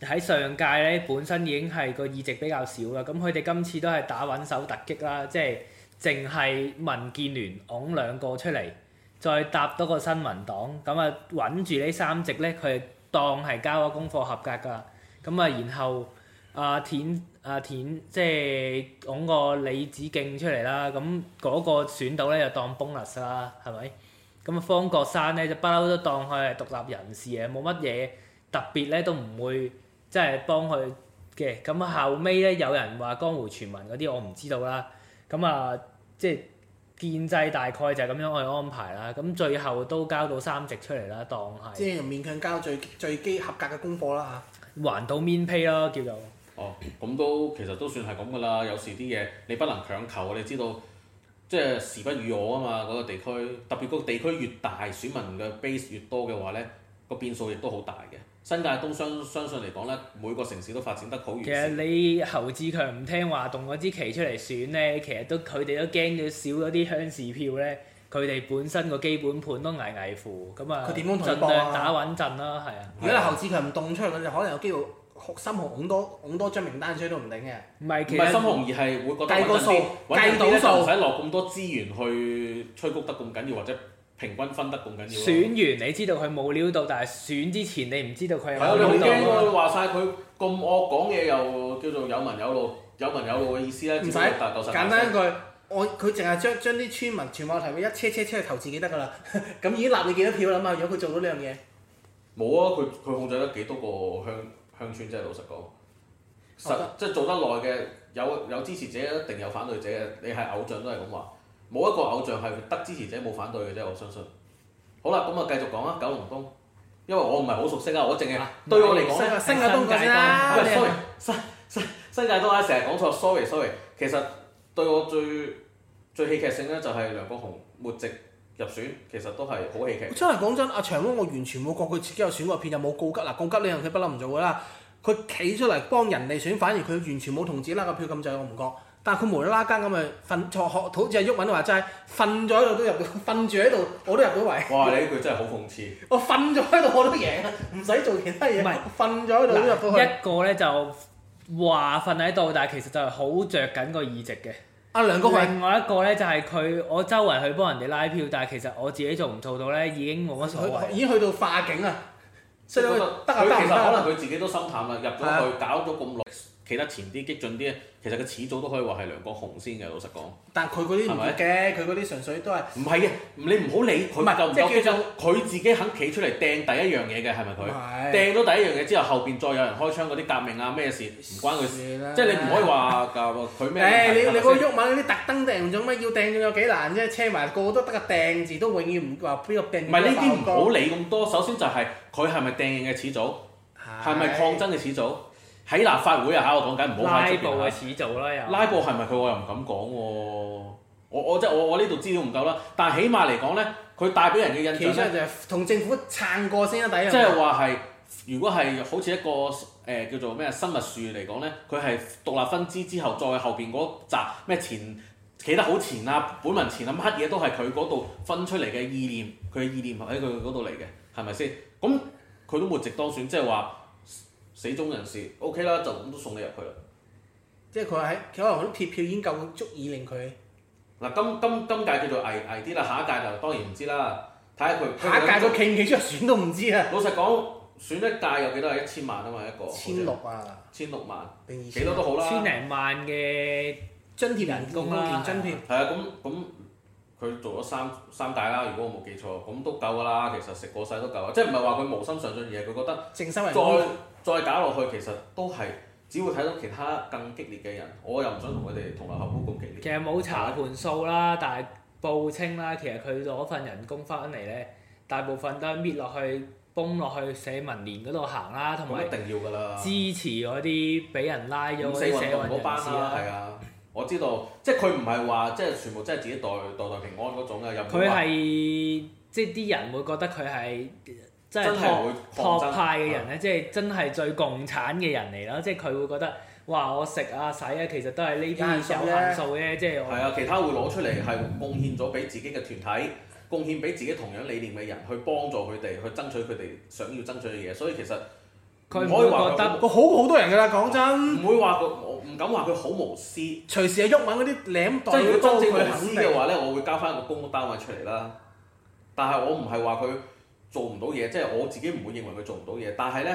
喺上屆咧，本身已經係個議席比較少啦，咁佢哋今次都係打穩手突擊啦，即係淨係民建聯拱兩個出嚟，再搭多個新民黨，咁啊穩住呢三席咧，佢當係交咗功課合格㗎，咁啊然後阿、啊、田，阿田，即係拱個李梓敬出嚟啦，咁嗰個選到咧就當 bonus 啦，係咪？咁啊方國珊咧就不嬲都當佢係獨立人士嘅，冇乜嘢特別咧都唔會。即係幫佢嘅。咁後尾咧有人話江湖傳聞嗰啲我唔知道啦，咁啊即係建制大概就係咁樣去安排啦，咁最後都交到三席出嚟啦，當係即係勉強交最最基合格嘅功課啦嚇，還到面批 a 咯叫做。哦，咁都其實都算係咁噶啦，有時啲嘢你不能強求，你知道即係時不與我啊嘛，嗰個地區，特別個地區越大，選民嘅 base 越多嘅話咧，個變數亦都好大嘅。新界東相相信嚟講咧，每個城市都發展得好。其實你侯志強唔聽話動嗰支旗出嚟選咧，其實都佢哋都驚咗少咗啲鄉事票咧，佢哋本身個基本盤都危危乎，咁啊，佢點樣儘量打穩陣啦，係啊。如果侯志強唔動出嚟，佢哋可能有機會心紅咁多咁多張名單出都唔定嘅。唔係，其實心係紅而係會覺得穩陣啲。計個數，計到數唔使落咁多資源去吹谷得咁緊要，或者。平均分得咁緊要咯。選完你知道佢冇料到，但係選之前你唔知道佢有冇料到咯。我唔驚，我話曬佢咁惡講嘢，又叫做有文有路，有文有路嘅意思咧。其實簡單一句，我佢淨係將將啲村民全部提佢一車車車去投自己得㗎啦。咁 *laughs* 已經立你幾多票啦嘛？如果佢做咗呢樣嘢，冇啊！佢佢控制咗幾多個鄉鄉，鄉村 Okay.？即係老實講，實即係做得耐嘅，有有支持者一定有反對者嘅。你係偶像都係咁話。冇一個偶像係得支持者冇反對嘅啫，我相信。好啦，咁啊繼續講啦。九龍東，因為我唔係好熟悉啊，我淨係對我嚟講咧，新界東啊，sorry，新界東咧成日講錯，sorry，sorry。其實對我最最戲劇性咧，就係梁國雄末席入選，其實都係好戲劇。真係講真，阿長翁，我完全冇覺佢自己有選落片，有冇告急嗱，告急你又睇不嬲唔做啦。佢企出嚟幫人哋選，反而佢完全冇同自己拉個票咁滯，我唔覺。但佢無啦啦間咁咪瞓坐學，好似係鬱敏話齋，瞓咗喺度都入到，瞓住喺度我都入到位。哇！你呢句真係好諷刺。我瞓咗喺度我都贏啊，唔使做其他嘢。唔係瞓咗喺度都入到去。一個咧就話瞓喺度，但係其實就係好着緊個議席嘅。阿、啊、梁國偉，你另外一個咧就係佢，我周圍去幫人哋拉票，但係其實我自己做唔做到咧，已經冇乜所謂。已經去到化境啊！得啊，得啊，得啊！其實可能佢自己都心淡啦，入咗去、嗯、搞咗咁耐，企得前啲激進啲。其實佢始祖都可以話係梁國雄先嘅，老實講。但係佢嗰啲唔得嘅，佢啲純粹都係。唔係嘅。你唔好理佢。唔係就唔得。即係叫做佢自己肯企出嚟掟第一樣嘢嘅，係咪佢？掟到第一樣嘢之後，後邊再有人開槍嗰啲革命啊，咩事唔關佢事。即係你唔可以話咁，佢咩？你你嗰個喐文啲特登掟咗，咩要掟仲有幾難啫？車埋個個都得個掟字，都永遠唔話邊個掟唔係呢啲唔好理咁多。首先就係佢係咪掟嘅始祖？係。係咪抗爭嘅始祖？喺立法會啊，嚇我講緊唔好拉布嘅始祖啦，又拉布係咪佢？我又唔敢講喎、啊。我我即係我我呢度資料唔夠啦。但係起碼嚟講咧，佢帶俾人嘅印象其實就係同政府撐過先第一，即係話係，如果係好似一個誒、呃、叫做咩生物樹嚟講咧，佢係獨立分支之後，再後邊嗰集咩前企得好前啊，本文前啊，乜嘢都係佢嗰度分出嚟嘅意念，佢嘅意念喺佢嗰度嚟嘅，係咪先？咁佢都沒值當選，即係話。死忠人士，OK 啦，就咁都送你入去啦。即係佢喺，可能嗰啲鐵票已經夠足以令佢。嗱，今今今屆叫做危危啲啦，下一屆就當然唔知啦。睇下佢下一屆佢傾幾多選都唔知啊。老實講，選一屆有幾多係一千萬啊嘛一個。千六啊。千六萬。幾多都好啦。千零萬嘅津貼人工啊，津貼。係啊，咁咁佢做咗三三屆啦，如果我冇記錯，咁都夠噶啦。其實食過世都夠啊，即係唔係話佢無心上進，而係佢覺得。正心為官。再搞落去，其實都係只會睇到其他更激烈嘅人，我又唔想同佢哋同流合污咁激烈。其實冇查盤數啦，但係報稱啦，其實佢攞份人工翻嚟咧，大部分都係搣落去、崩落去社民連嗰度行啦，同埋且一定要㗎喇支持嗰啲俾人拉咗五四運動嗰班啦、啊，係 *laughs* 啊，我知道，即係佢唔係話即係全部即係自己代代代平安嗰種有佢係即係啲人會覺得佢係。真係託派嘅人咧，啊、即係真係最共產嘅人嚟啦！嗯、即係佢會覺得嘩，我食啊洗啊，其實都係呢啲有限數嘅，即係。係啊，其他會攞出嚟係貢獻咗俾自己嘅團體，嗯、貢獻俾自己同樣理念嘅人，去幫助佢哋，去爭取佢哋想要爭取嘅嘢。所以其實，我他 覺得佢好好多人㗎啦，講真。唔會話佢，我唔敢話佢好無私。隨時係鬱敏嗰啲領，即係如果真正無私嘅話咧，我會交翻個公屋單位出嚟啦。但係我唔係話佢。做唔到嘢，即係我自己唔會認為佢做唔到嘢，但係呢，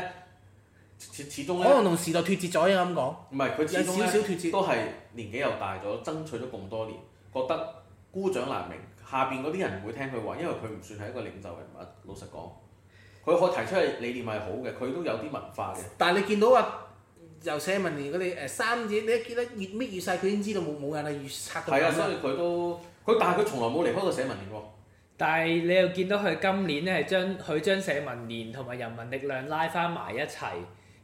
始始終可能同時代脫節咗啊！咁講，唔係佢有少少脫節，都係年紀又大咗，嗯、爭取咗咁多年，覺得孤掌難鳴。下邊嗰啲人唔會聽佢話，因為佢唔算係一個領袖人物。老實講，佢可以提出嘅理念係好嘅，佢都有啲文化嘅。但係你見到啊，由社民連嗰啲誒三子，你一見得越搣越細，佢已經知道冇冇人係越拆。係啊，所以佢都佢，但係佢從來冇離開過社民連喎。但係你又見到佢今年咧係將佢將社民連同埋人民力量拉翻埋一齊，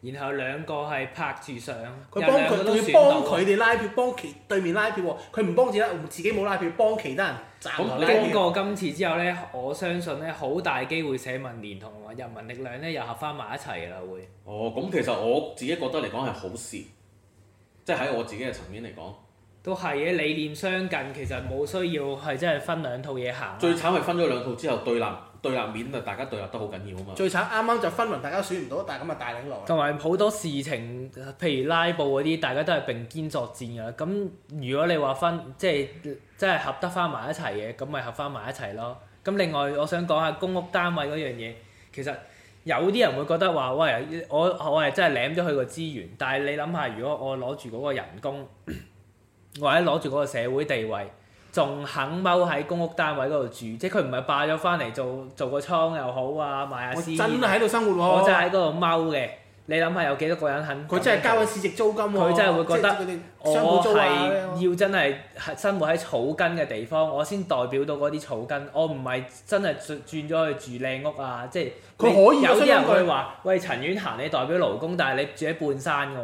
然後兩個係拍住上，佢幫佢，佢幫佢哋拉票，幫其對面拉票。佢唔幫自己，自己冇拉票，幫其他人。好，後票經過今次之後呢，我相信呢，好大機會社民連同埋人民力量呢又合翻埋一齊啦，會。哦，咁其實我自己覺得嚟講係好事，即係喺我自己嘅層面嚟講。都係嘅，理念相近，其實冇需要係真係分兩套嘢行。最慘係分咗兩套之後對立，對立面就大家對立得好緊要啊嘛。最慘啱啱就分完，大家選唔到，但係咁啊大領落，同埋好多事情，譬如拉布嗰啲，大家都係並肩作戰㗎啦。咁如果你話分，即係即係合得翻埋一齊嘅，咁咪合翻埋一齊咯。咁另外，我想講下公屋單位嗰樣嘢，其實有啲人會覺得話喂，我我係真係舐咗佢個資源，但係你諗下，如果我攞住嗰個人工。 *coughs* 或者攞住嗰個社會地位，仲肯踎喺公屋單位嗰度住，即係佢唔係霸咗翻嚟做做個倉又好啊，賣下。我真係喺度生活喎、啊，我就喺嗰度踎嘅。你諗下有幾多個人肯？佢真係交咗市值租金喎、啊。佢真係會覺得我係要真係生活喺草根嘅地方，我先代表到嗰啲草根。我唔係真係轉咗去住靚屋啊！即係佢可以有啲人會話：喂，陳婉嫻，你代表勞工，但係你住喺半山嘅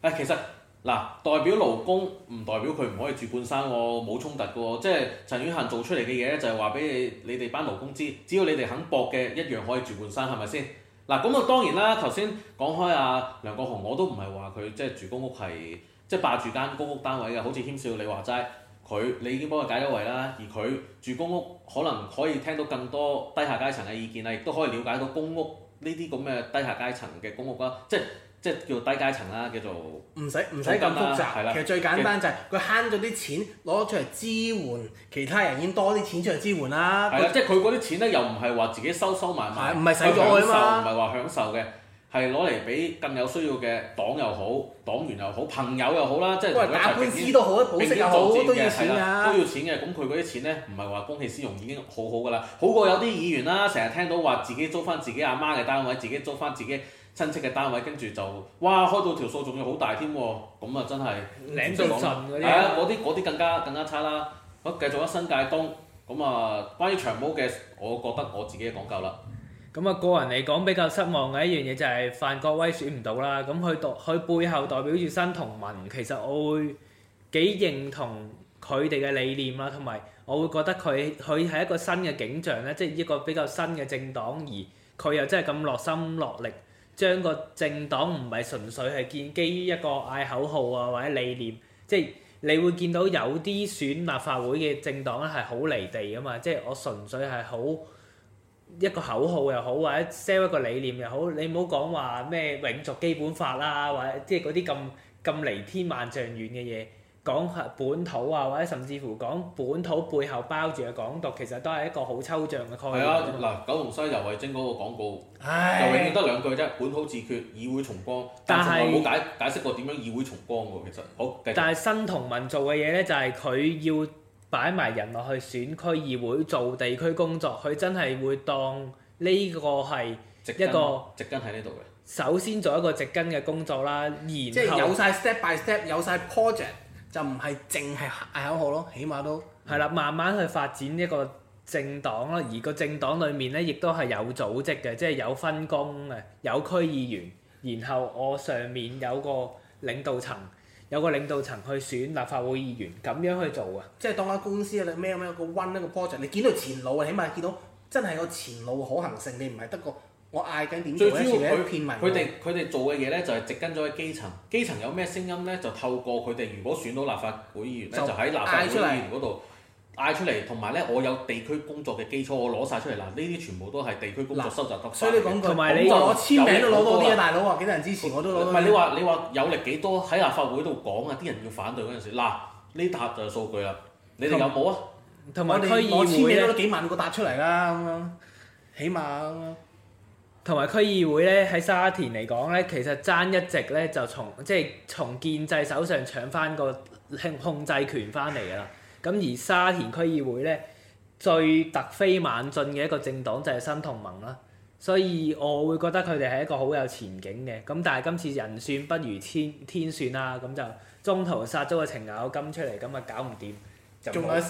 喎、啊。其實。嗱，代表勞工唔代表佢唔可以住半山喎，冇衝突嘅喎，即係陳婉嫻做出嚟嘅嘢就係話俾你你哋班勞工知，只要你哋肯搏嘅，一樣可以住半山，係咪先？嗱，咁啊當然啦，頭先講開阿梁國雄，我都唔係話佢即係住公屋係即係霸住間公屋單位嘅，好似謙少你話齋，佢你已經幫佢解咗圍啦，而佢住公屋可能可以聽到更多低下階層嘅意見啦，亦都可以了解到公屋呢啲咁嘅低下階層嘅公屋啦，即係。即係叫低階層啦，叫做唔使唔使咁複雜。係啦，其實最簡單就係佢慳咗啲錢，攞咗出嚟支援其他人，已經多啲錢出嚟支援啦。係啦係，就即係佢嗰啲錢咧，又唔係話自己收收埋埋，唔係使咗去嘛，唔係話享受嘅，係攞嚟俾更有需要嘅黨又好，黨員又好，朋友又好啦。即係打官司都好，保釋又好都要錢㗎，啊，都要錢嘅。咁佢嗰啲錢咧，唔係話公器私用已經好好㗎啦，好過有啲議員啦，成日聽到話自己租返自己阿媽嘅單位，自己租返自己。親戚嘅單位，跟住就哇開到條數，仲要好大添喎！咁啊，真係領到盡嗰啲。係啊，嗰啲嗰啲更加更加差啦。好，繼續啊，新界東咁啊、嗯，關於長毛嘅，我覺得我自己講夠啦。咁啊，個人嚟講比較失望嘅一樣嘢就係范國威選唔到啦。咁佢代佢背後代表住新同盟，其實我會幾認同佢哋嘅理念啦，同埋我會覺得佢佢係一個新嘅景象咧，即係一個比較新嘅政黨，而佢又真係咁落心落力。將個政黨唔係純粹係建基於一個嗌口號啊，或者理念，即係你會見到有啲選立法會嘅政黨咧係好離地嘅嘛，即係我純粹係好一個口號又好，或者 sell 一個理念又好，你唔好講話咩永續基本法啦，或者即係嗰啲咁咁離天萬丈遠嘅嘢。講係本土啊，或者甚至乎講本土背後包住嘅港獨，其實都係一個好抽象嘅概念。係啊，嗱，九龍西遊惠貞游蕙禎嗰個廣告，唉就永遠得兩句啫，本土自決，議會重光，但係冇是解解釋過點樣議會重光喎。其實好，但係新同盟做嘅嘢咧，就係、是、佢要擺埋人落去選區議會做地區工作，佢真係會當呢個係一個植根喺呢度嘅。首先做一個植根嘅工作啦，然後即係有晒 step by step，有晒 project。就唔係淨係嗌口號咯，起碼都係啦、嗯。慢慢去發展一個政黨啦，而個政黨裡面咧，亦都係有組織嘅，即係有分工嘅，有區議員，然後我上面有個領導層，有個領導層去選立法會議員，咁樣去做啊。即係當間公司啊，咩咩個 one 一個 project，你見到前路，啊，起碼見到真係個前路可行性，你唔係得個。我嗌緊點？最主要佢佢哋佢哋做嘅嘢咧就係植根咗喺基層，基層有咩聲音咧就透過佢哋。如果選到立法會議員咧，就喺立法會議員嗰度嗌出嚟，同埋咧我有地區工作嘅基礎，我攞晒出嚟嗱，呢啲全部都係地區工作收集得曬嘅。同埋你攞簽名都攞到啲啊，大佬啊，幾多人支持我都。攞唔係你話你話有力幾多喺立法會度講啊？啲人要反對嗰陣時，嗱呢沓就係數據啦。你哋有冇啊？同埋我區議會咧，幾萬個達出嚟啦，咁樣，起碼。同埋區議會咧喺沙田嚟講咧，其實爭一席咧就從即係從建制手上搶翻個控制權翻嚟噶啦。咁 *noise* 而沙田區議會咧最突飛猛進嘅一個政黨就係新同盟啦。所以我會覺得佢哋係一個好有前景嘅。咁但係今次人算不如天天算啦，咁就中途殺咗個程咬金出嚟，咁啊搞唔掂，就冇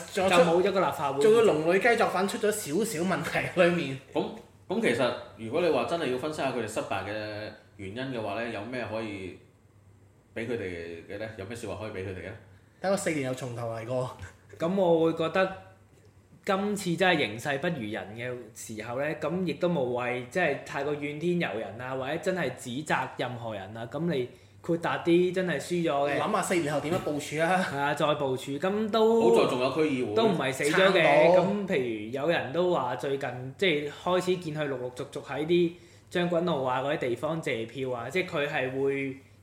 咗個立法會有，仲有有龍女雞作反出咗少少問題裡面。 *laughs* *laughs* 咁其實，如果你話真係要分析下佢哋失敗嘅原因嘅話呢，有咩可以俾佢哋嘅呢？有咩説話可以俾佢哋呢？等我四年又從頭嚟過。咁 *laughs* 我會覺得今次真係形勢不如人嘅時候呢，咁亦都無謂即係、就是、太過怨天尤人啊，或者真係指責任何人啊。咁你。豁達啲，真係輸咗嘅。諗下四年後點樣部署啊？係啊，再部署，咁都好在仲有區議會，都唔係死咗嘅。咁到譬如有人都話最近即係開始見佢陸陸續續喺啲將軍澳啊嗰啲地方借票啊，即係佢係會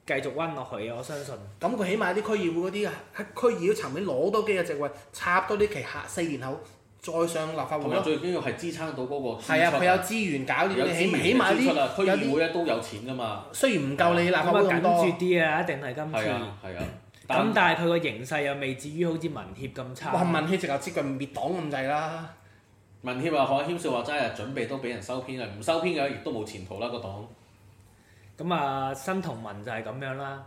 繼續温落去嘅，我相信。咁佢起碼啲區議會嗰啲啊，喺區議會層面攞多幾個席位，插多啲旗嚇四年後。再上立法會，最緊要係支撐到嗰個，係啊，佢有資源搞呢啲，起起碼啲，有啲，區議會咧都有錢噶嘛。雖然唔夠你立，咁啊緊住啲啊，一定係今次。係啊，係啊，咁但係佢個形勢又未至於好似民協咁差。哇！民協成日接近滅黨咁滯啦。民協啊，海謙少話齋啊，準備都俾人收編啦，唔收編嘅亦都冇前途啦，個黨。咁啊，新同文就係咁樣啦。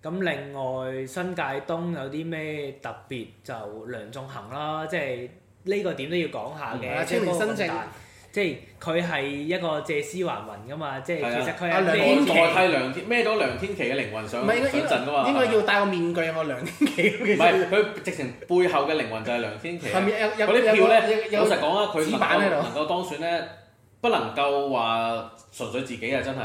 咁另外新界東有啲咩特別就梁仲恒啦，即係。呢個點都要講下嘅，即係高申達，即係佢係一個借屍還魂噶嘛，即係其實佢係代代替梁天孭咗梁天琦嘅靈魂上上陣噶嘛，應該要戴個面具，有冇？梁天琦，唔係佢直情背後嘅靈魂就係梁天琦。係咪有有有？老實講啊，佢能夠能夠當選咧，不能夠話純粹自己啊，真係，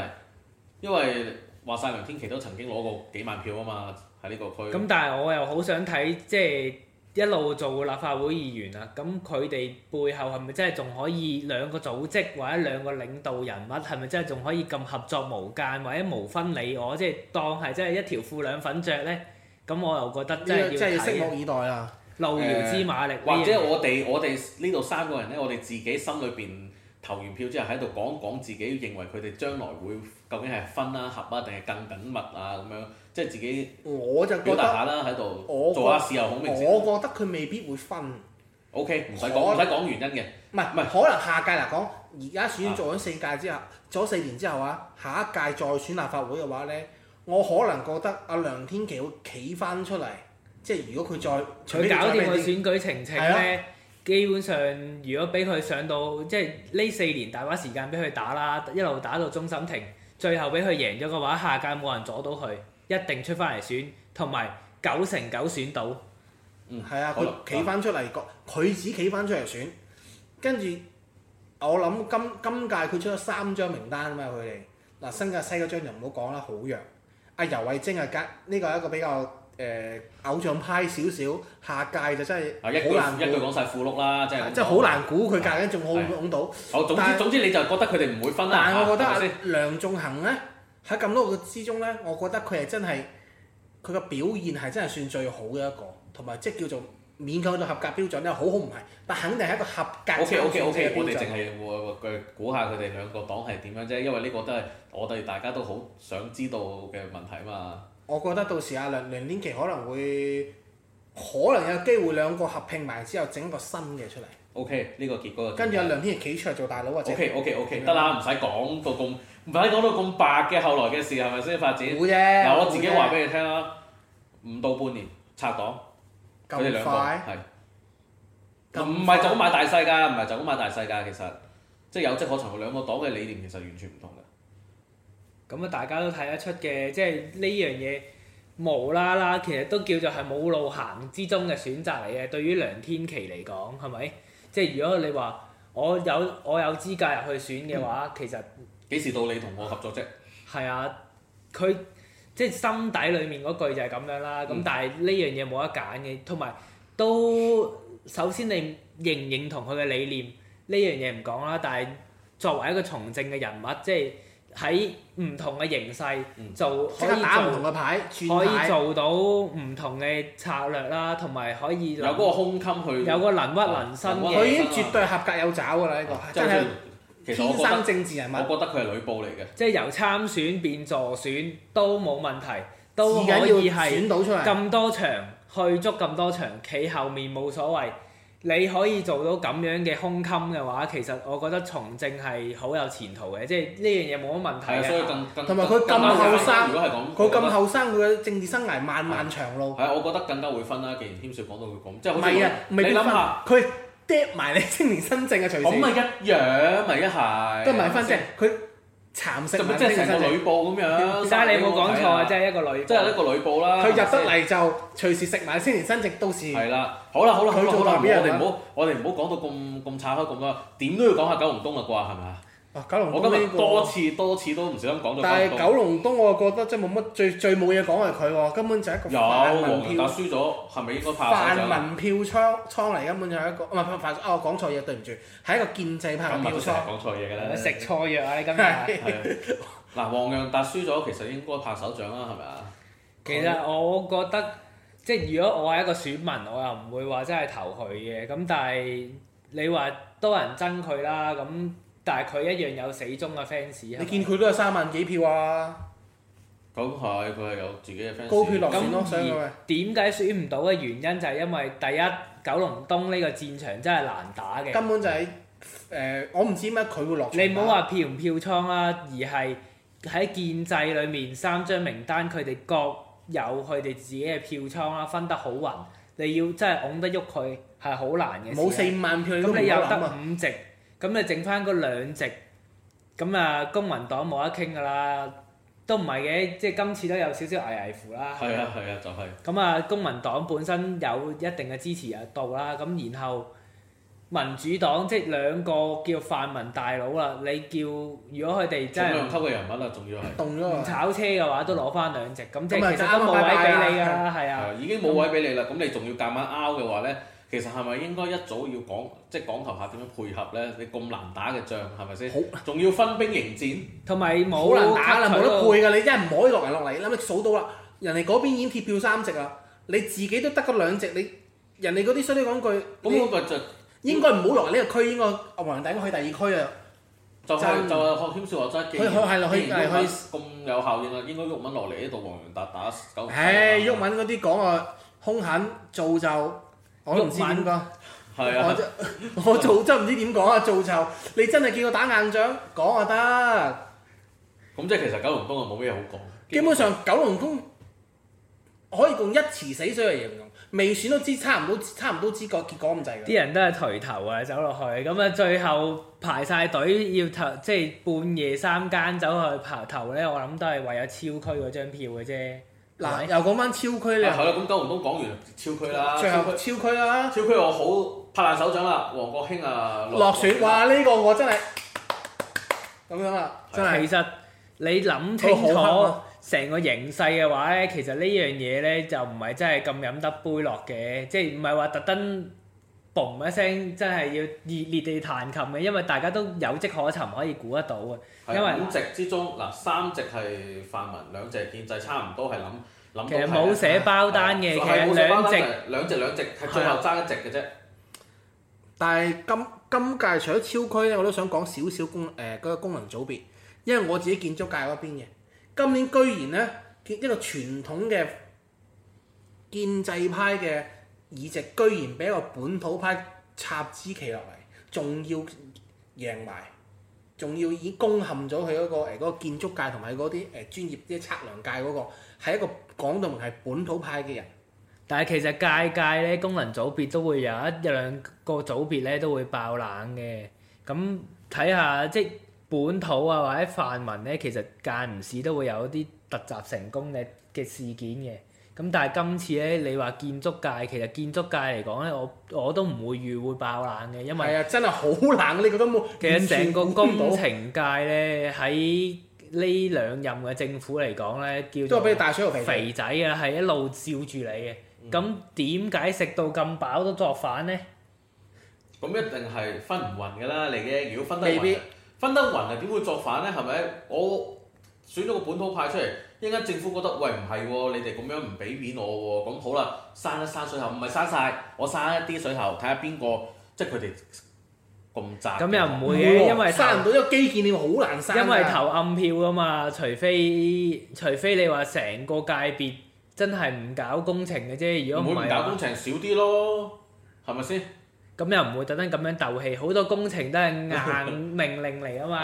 因為話晒梁天琦都曾經攞過幾萬票啊嘛，喺呢個區。咁但係我又好想睇即係。一路做立法會議員啊，咁佢哋背後係咪真係仲可以兩個組織或者兩個領導人物，係咪真係仲可以咁合作無間或者無分你我，即係當係真係一條褲兩份著呢？咁我又覺得真係要拭目以待啊！路遙知馬力，或者我哋我哋呢度三個人呢，我哋自己心裏邊投完票之後喺度講講自己認為佢哋將來會究竟係分啊合啊定係更緊密啊咁樣。即係自己，我就覺得下啦喺度做下試，由孔我覺得佢未必會分。OK，唔使講唔使講原因嘅，唔係唔係，是可能下屆嚟講，而家選做咗四屆之後，做咗四年之後啊，下一屆再選立法會嘅話咧，我可能覺得阿梁天琦會企翻出嚟。即係如果佢再除、嗯、搞掂佢選舉呈請咧，的基本上如果俾佢上到，即係呢四年大把時間俾佢打啦，一路打到終審庭，最後俾佢贏咗嘅話，下屆冇人阻到佢。一定出翻嚟選，同埋九成九選到，嗯，係啊，佢企翻出嚟個，佢只企翻出嚟選，跟住我諗今今屆佢出咗三張名單啊嘛，佢哋嗱新界西嗰張就唔好講啦，好弱，阿游蕙禎啊，隔呢個一個比較誒偶像派少少，下屆就真係好難，一句講晒符碌啦，即係即係好難估佢隔緊仲好唔好攬到，但係總之總之你就覺得佢哋唔會分啦，但係我覺得梁頌恆咧。喺咁多個之中呢，我覺得佢係真係佢個表現係真係算最好嘅一個，同埋即係叫做勉強到合格標準咧，好好唔係，但肯定係一個合格 okay, okay, okay，個。O K O K O K，我哋淨係會估下佢哋兩個黨係點樣啫，因為呢個都係我哋大家都好想知道嘅問題嘛。我覺得到時阿零零年期可能會可能有機會兩個合併埋之後整一個新嘅出嚟。O K，呢個結果跟住有梁天琦企出嚟做大佬或者 O K O K O K 得啦，唔使講到咁唔使講到咁白嘅後來嘅事係咪先發展？冇啫，嗱我自己話俾你聽啦，唔到半年拆黨，佢哋兩個係唔係就咁買大細㗎？唔係就咁買大細㗎。其實、就是、即係有跡可循，兩個黨嘅理念其實完全唔同嘅。咁啊，大家都睇得出嘅，即係呢樣嘢無啦啦，其實都叫做係冇路行之中嘅選擇嚟嘅。對於梁天琦嚟講，係咪？即係如果你話我有我有資格入去選嘅話，嗯、其實幾時到你同我合作啫？係啊，佢即係心底裡面嗰句就係咁樣啦。咁、嗯、但係呢樣嘢冇得揀嘅，同埋都首先你認唔認同佢嘅理念呢樣嘢唔講啦。但係作為一個從政嘅人物，即係。喺唔同嘅形勢、嗯、就可以打唔同嘅牌，牌可以做到唔同嘅策略啦，同埋可以有嗰個胸襟去，有個能屈能伸嘅，佢已經絕對合格有爪㗎啦！呢、嗯呢個真係的天生政治人物。我覺得佢係呂布嚟嘅，即係由參選變助選都冇問題，都可以係咁多場去足咁多場，企後面冇所謂。你可以做到咁樣嘅胸襟嘅話，其實我覺得從政係好有前途嘅，即係呢樣嘢冇乜問題嘅。同埋佢咁後生，如果係咁，佢咁後生，佢嘅政治生涯漫漫長路。係啊，我覺得更加會分啦。既然軒少講到佢講，即係唔係，你諗下，佢跌埋你青年新政嘅隨時。咁咪一樣咪一係，都唔係分啫，佢。蠶食，即係成個呂布咁樣。但係你冇講錯啊，即係、啊啊、一個女，即係一個呂布啦。佢入得嚟就是、隨時食埋先，連生殖都是。係啦，好啦好啦，我哋唔好，我哋唔好講到咁咁岔開咁多，點都要講下九龍東啦啩，係咪？啊！九龍、這個，我今年多次多次都唔小心講咗。但係九龍東，龍東我覺得即係冇乜最最冇嘢講係佢喎，根本就係一個民票。有黃楊達輸咗，係咪應該拍手掌？泛民票倉倉嚟，根本就係一個唔係泛民啊！我講錯嘢，對唔住，係一個建制派。拍票倉。講、哦、錯嘢㗎啦，食錯,對錯藥啊！你今日，係係嗱，對 *laughs* 黃楊達輸咗，其實應該拍手掌啦，係咪啊？其實我覺得，即係如果我係一個選民，我又唔會話真係投佢嘅。咁但係你話多人憎佢啦，咁。但係佢一樣有死忠嘅 fans，你見佢都有三萬幾票啊！咁係、嗯，佢係有自己嘅 fans。高票落選咯，所以點解選唔到嘅原因就係因為第一九龍東呢個戰場真係難打嘅。根本就喺、是、誒、呃，我唔知乜佢會落。你唔好話票唔票倉啦、啊，而係喺建制裏面三張名單，佢哋各有佢哋自己嘅票倉啦，分得好勻。你要真係拱得喐佢係好難嘅、啊。冇四五萬票，你有得五席。啊。咁你剩翻個兩席，咁啊公民黨冇得傾㗎啦，都唔係嘅，即係今次都有少少危危乎啦。係啊係啊，就係。咁啊公民黨本身有一定嘅支持度啦，咁然後民主黨即係兩個叫泛民大佬啦，你叫如果佢哋即係兩級嘅人物啦，仲要係唔炒車嘅話都攞翻兩席，咁即係其實都冇位俾你㗎啦，係啊，已經冇位俾你啦，咁你仲要夾硬拗嘅話咧？其實係咪應該一早要講，即、就、係、是、講頭下點樣配合咧？你咁難打嘅仗係咪先？仲好 要分兵迎戰，同埋冇好難打，冇得配㗎。你真係唔可以落嚟落嚟。你數到啦，人哋嗰邊已經鐵票三席啦，你自己都得個兩席。你人哋嗰啲衰啲講句，應該唔好落嚟呢個區，應該黃羊頂去第二區啊。就係去的就係學天少話齋，佢學係落去係咁有效應啊！應該郁文落嚟呢度黃羊達打，打九三三。唉、嗯，郁文嗰啲講啊，兇狠造就。我唔知點萬講，我我、啊、 *laughs* 我做真唔知點講啊！做就你真係見我打硬仗，講啊得。咁即係其實九龍東啊冇咩好講。基本上九龍東可以用一池死水嚟形容，未選都知差，差唔多差唔多知個結果咁滯啲人都係抬頭啊，走落去咁啊，最後排晒隊要投，即係半夜三更走去排頭咧。我諗都係為咗超區嗰張票嘅啫。嗱，又講翻超區咧。係啦、啊，咁九龍東講完超區啦，最後、超區超區啦。超區我好拍爛手掌啦，王國興啊落選雪、啊、哇！呢、這個我真係咁樣啊，真係。的其實你諗清楚成個形勢嘅話咧，啊、其實呢樣嘢咧就唔係真係咁飲得杯落嘅，即係唔係話特登。嘣一聲，真係要熱烈地彈琴嘅，因為大家都有跡可尋，可以估得到嘅。因為五席之中，嗱三席係泛民，兩席建制差唔多，係諗諗其實冇寫包單嘅，其實兩席兩席兩席係最後爭一席嘅啫。但係今今屆除咗超區咧，我都想講少少工誒嗰個功能組別，因為我自己建築界嗰邊嘅，今年居然咧一個傳統嘅建制派嘅。議席居然俾一個本土派插支旗落嚟，仲要贏埋，仲要已經攻陷咗佢嗰個誒嗰個建築界同埋嗰啲誒專業即係測量界嗰個，係一個講到人，係本土派嘅人。但係其實界界咧功能組別都會有一一兩個組別咧都會爆冷嘅。咁睇下即本土啊，或者泛民咧，其實間唔時都會有一啲突襲成功嘅嘅事件嘅。咁但係今次咧，你話建築界其實建築界嚟講咧，我我都唔會預會爆冷嘅，因為係啊，真係好冷，你覺得冇？其實成個工程界咧，喺呢兩任嘅政府嚟講咧，叫都俾你大水喉肥仔啊，係一路照住你嘅。咁點解食到咁飽都作反咧？咁一定係分唔勻㗎啦，嚟嘅。如果分得未必分得勻啊，點會作反咧？係咪我？選咗個本土派出嚟，一陣間政府覺得，喂，唔係喎，你哋咁樣唔俾面我喎、哦，咁好啦，刪一刪水喉，唔係刪晒，我刪一啲水喉，睇下邊個即係佢哋咁窄。咁又唔會嘅，因為刪唔到一個基建，你好難刪。因為投暗票㗎嘛，除非除非你話成個界別真係唔搞工程嘅啫，如果唔、哦、搞工程少啲咯，係咪先？咁又唔會特登咁樣鬥氣，好多工程都係硬命令嚟啊嘛，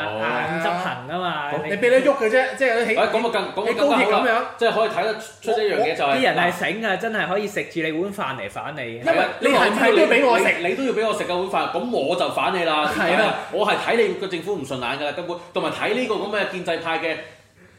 硬執行啊嘛，你俾得喐嘅啫，即係起起高鐵咁樣，即係可以睇得出一樣嘢就係啲人係醒嘅，真係可以食住你碗飯嚟反你。因為你係都俾我食，你都要俾我食個碗飯，咁我就反你啦。係啦，我係睇你個政府唔順眼噶啦，根本同埋睇呢個咁嘅建制派嘅。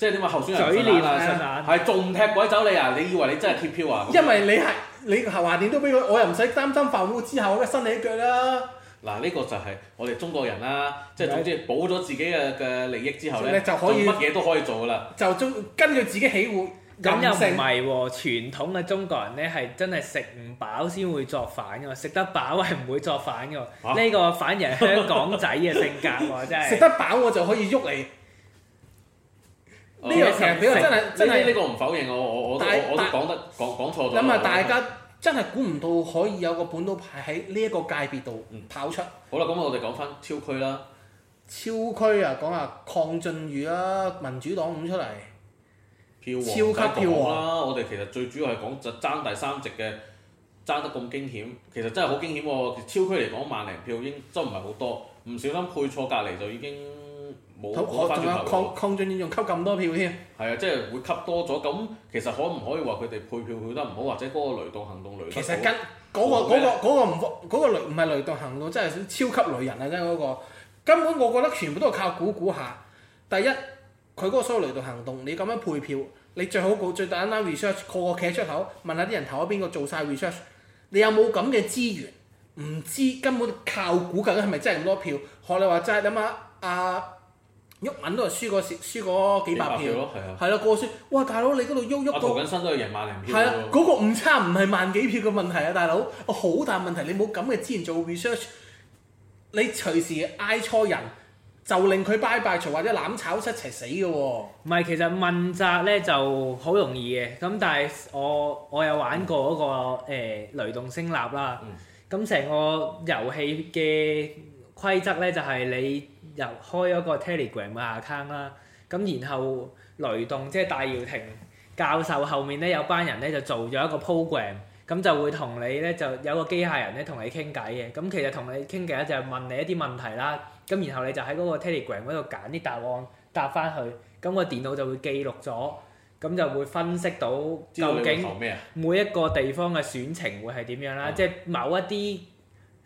即係點話候選人嘴臉啦。係仲踢鬼走你啊！你以為你真係貼票啊？因為你係你係話點都俾佢，我又唔使擔心犯污之後我就伸你一腳啦。嗱，呢、呢個就係我哋中國人啦，即係總之保咗自己嘅嘅利益之後咧，有你就可以乜嘢都可以做噶啦。就中根據自己喜惡。咁性又唔係喎？傳統嘅中國人咧係真係食唔飽先會作反㗎嘛，食得飽係唔會作反㗎。呢、啊、個反而係香港仔嘅性格喎、啊，真係食得飽我就可以喐你。呢樣嘢俾真係是、嗯、真係是呢個唔否認，我但我我我我都講得講講錯咗。咁諗下大家我真係估唔到可以有個本土派喺呢一個界別度跑出。嗯嗯、好啦，咁我哋講翻超區啦。超區啊，講下鄺俊宇啦，民主黨咁出嚟。票王超級票啊王！我哋其實最主要係講就爭第三席嘅，爭得咁驚險，其實真係好驚險喎。超區嚟講萬零票已經真唔係好多，唔小心配錯隔離就已經。仲有抗抗戰戰仲吸咁多票添，係啊，即係會吸多咗咁，其實可唔可以話佢哋配票配得唔好，或者嗰個雷動行動雷？其實跟嗰個嗰個唔嗰個雷唔係雷動行動，真係超級雷人啊！真係嗰個根本，我覺得全部都係靠估估下。第一，佢嗰個所有雷動行動，你咁樣配票，你最好最第一單 research 個個企喺出口問下啲人投咗邊個做晒 research，你有冇咁嘅資源？唔知根本靠估計係咪真係咁多票？學你話齋諗下啊！喐揾都係輸過，輸過幾百票咯，係啊，係啦，過輸，哇，大佬你嗰度喐喐都，我身都要贏萬零票，係啊，嗰、那個誤差唔係萬幾票嘅問題啊，大佬，好大問題，你冇咁嘅資源做 research，你隨時嗌錯人，就令佢拜拜除或者攬炒一齊死嘅喎。唔係，其實問責咧就好容易嘅，咁但係我我有玩過嗰、那個、嗯呃、雷動聲吶啦，咁成、嗯、個遊戲嘅規則咧就係、是、你。又開咗個 Telegram 嘅 account 啦，咁然後雷動即係戴耀廷教授後面咧有班人咧就做咗一個 program，咁就會同你咧就有個機械人咧同你傾偈嘅，咁其實同你傾偈就係問你一啲問題啦，咁然後你就喺嗰個 Telegram 嗰度揀啲答案答翻去，咁個電腦就會記錄咗，咁就會分析到究竟每一個地方嘅選情會係點樣啦，即係某一啲。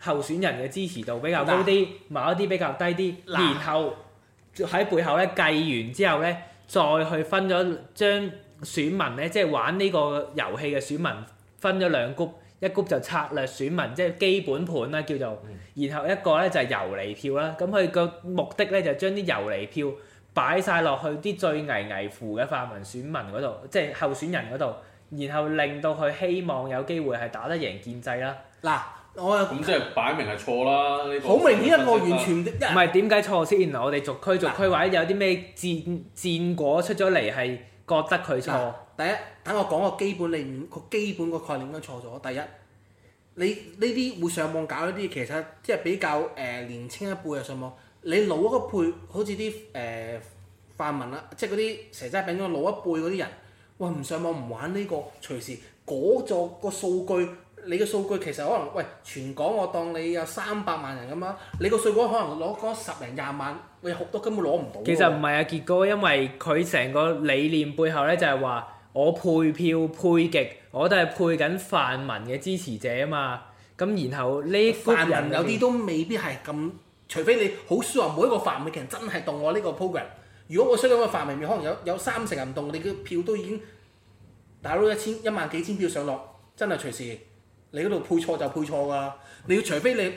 候選人嘅支持度比較高啲，那某一啲比較低啲。那然後喺背後咧計完之後咧，再去分咗將選民咧，即係玩呢個遊戲嘅選民分咗兩谷，一谷就策略選民，即係基本盤啦、啊，叫做。然後一個咧就係遊離票啦。咁佢個目的咧就將啲遊離票擺晒落去啲最危危乎嘅泛民選民嗰度，即係候選人嗰度，那那然後令到佢希望有機會係打得贏建制啦。嗱那。我啊，咁即係擺明係錯啦！呢個好明顯，因為我完全唔係點解錯先？原來我哋逐區逐區、啊、或者有啲咩戰戰果出咗嚟，係覺得佢錯、啊。第一，等我講個基本，你唔個基本個概念應該錯咗。第一，你呢啲會上網搞啲，其實即係比較誒、呃、年青一輩又上網。你老一輩，好似啲誒泛民啦，即係嗰啲蛇齋餅嗰老一輩嗰啲人，哇、呃、唔上網唔玩呢、這個隨時嗰座、那個數據。你個數據其實可能喂，全港我當你有三百萬人咁啦，你個稅款可能攞嗰十零廿萬，喂，好多根本攞唔到。其實唔係啊，杰哥，因為佢成個理念背後咧就係話，我配票配極，我都係配緊泛民嘅支持者啊嘛。咁然後呢，泛民有啲都未必係咁，除非你好衰話，每一個泛民其實真係動我呢個 program。如果我衰到個泛民，可能有有三成人動，你嘅票都已經打到一千、一萬、幾千票上落，真係隨時。你嗰度配錯就配錯㗎，你要除非你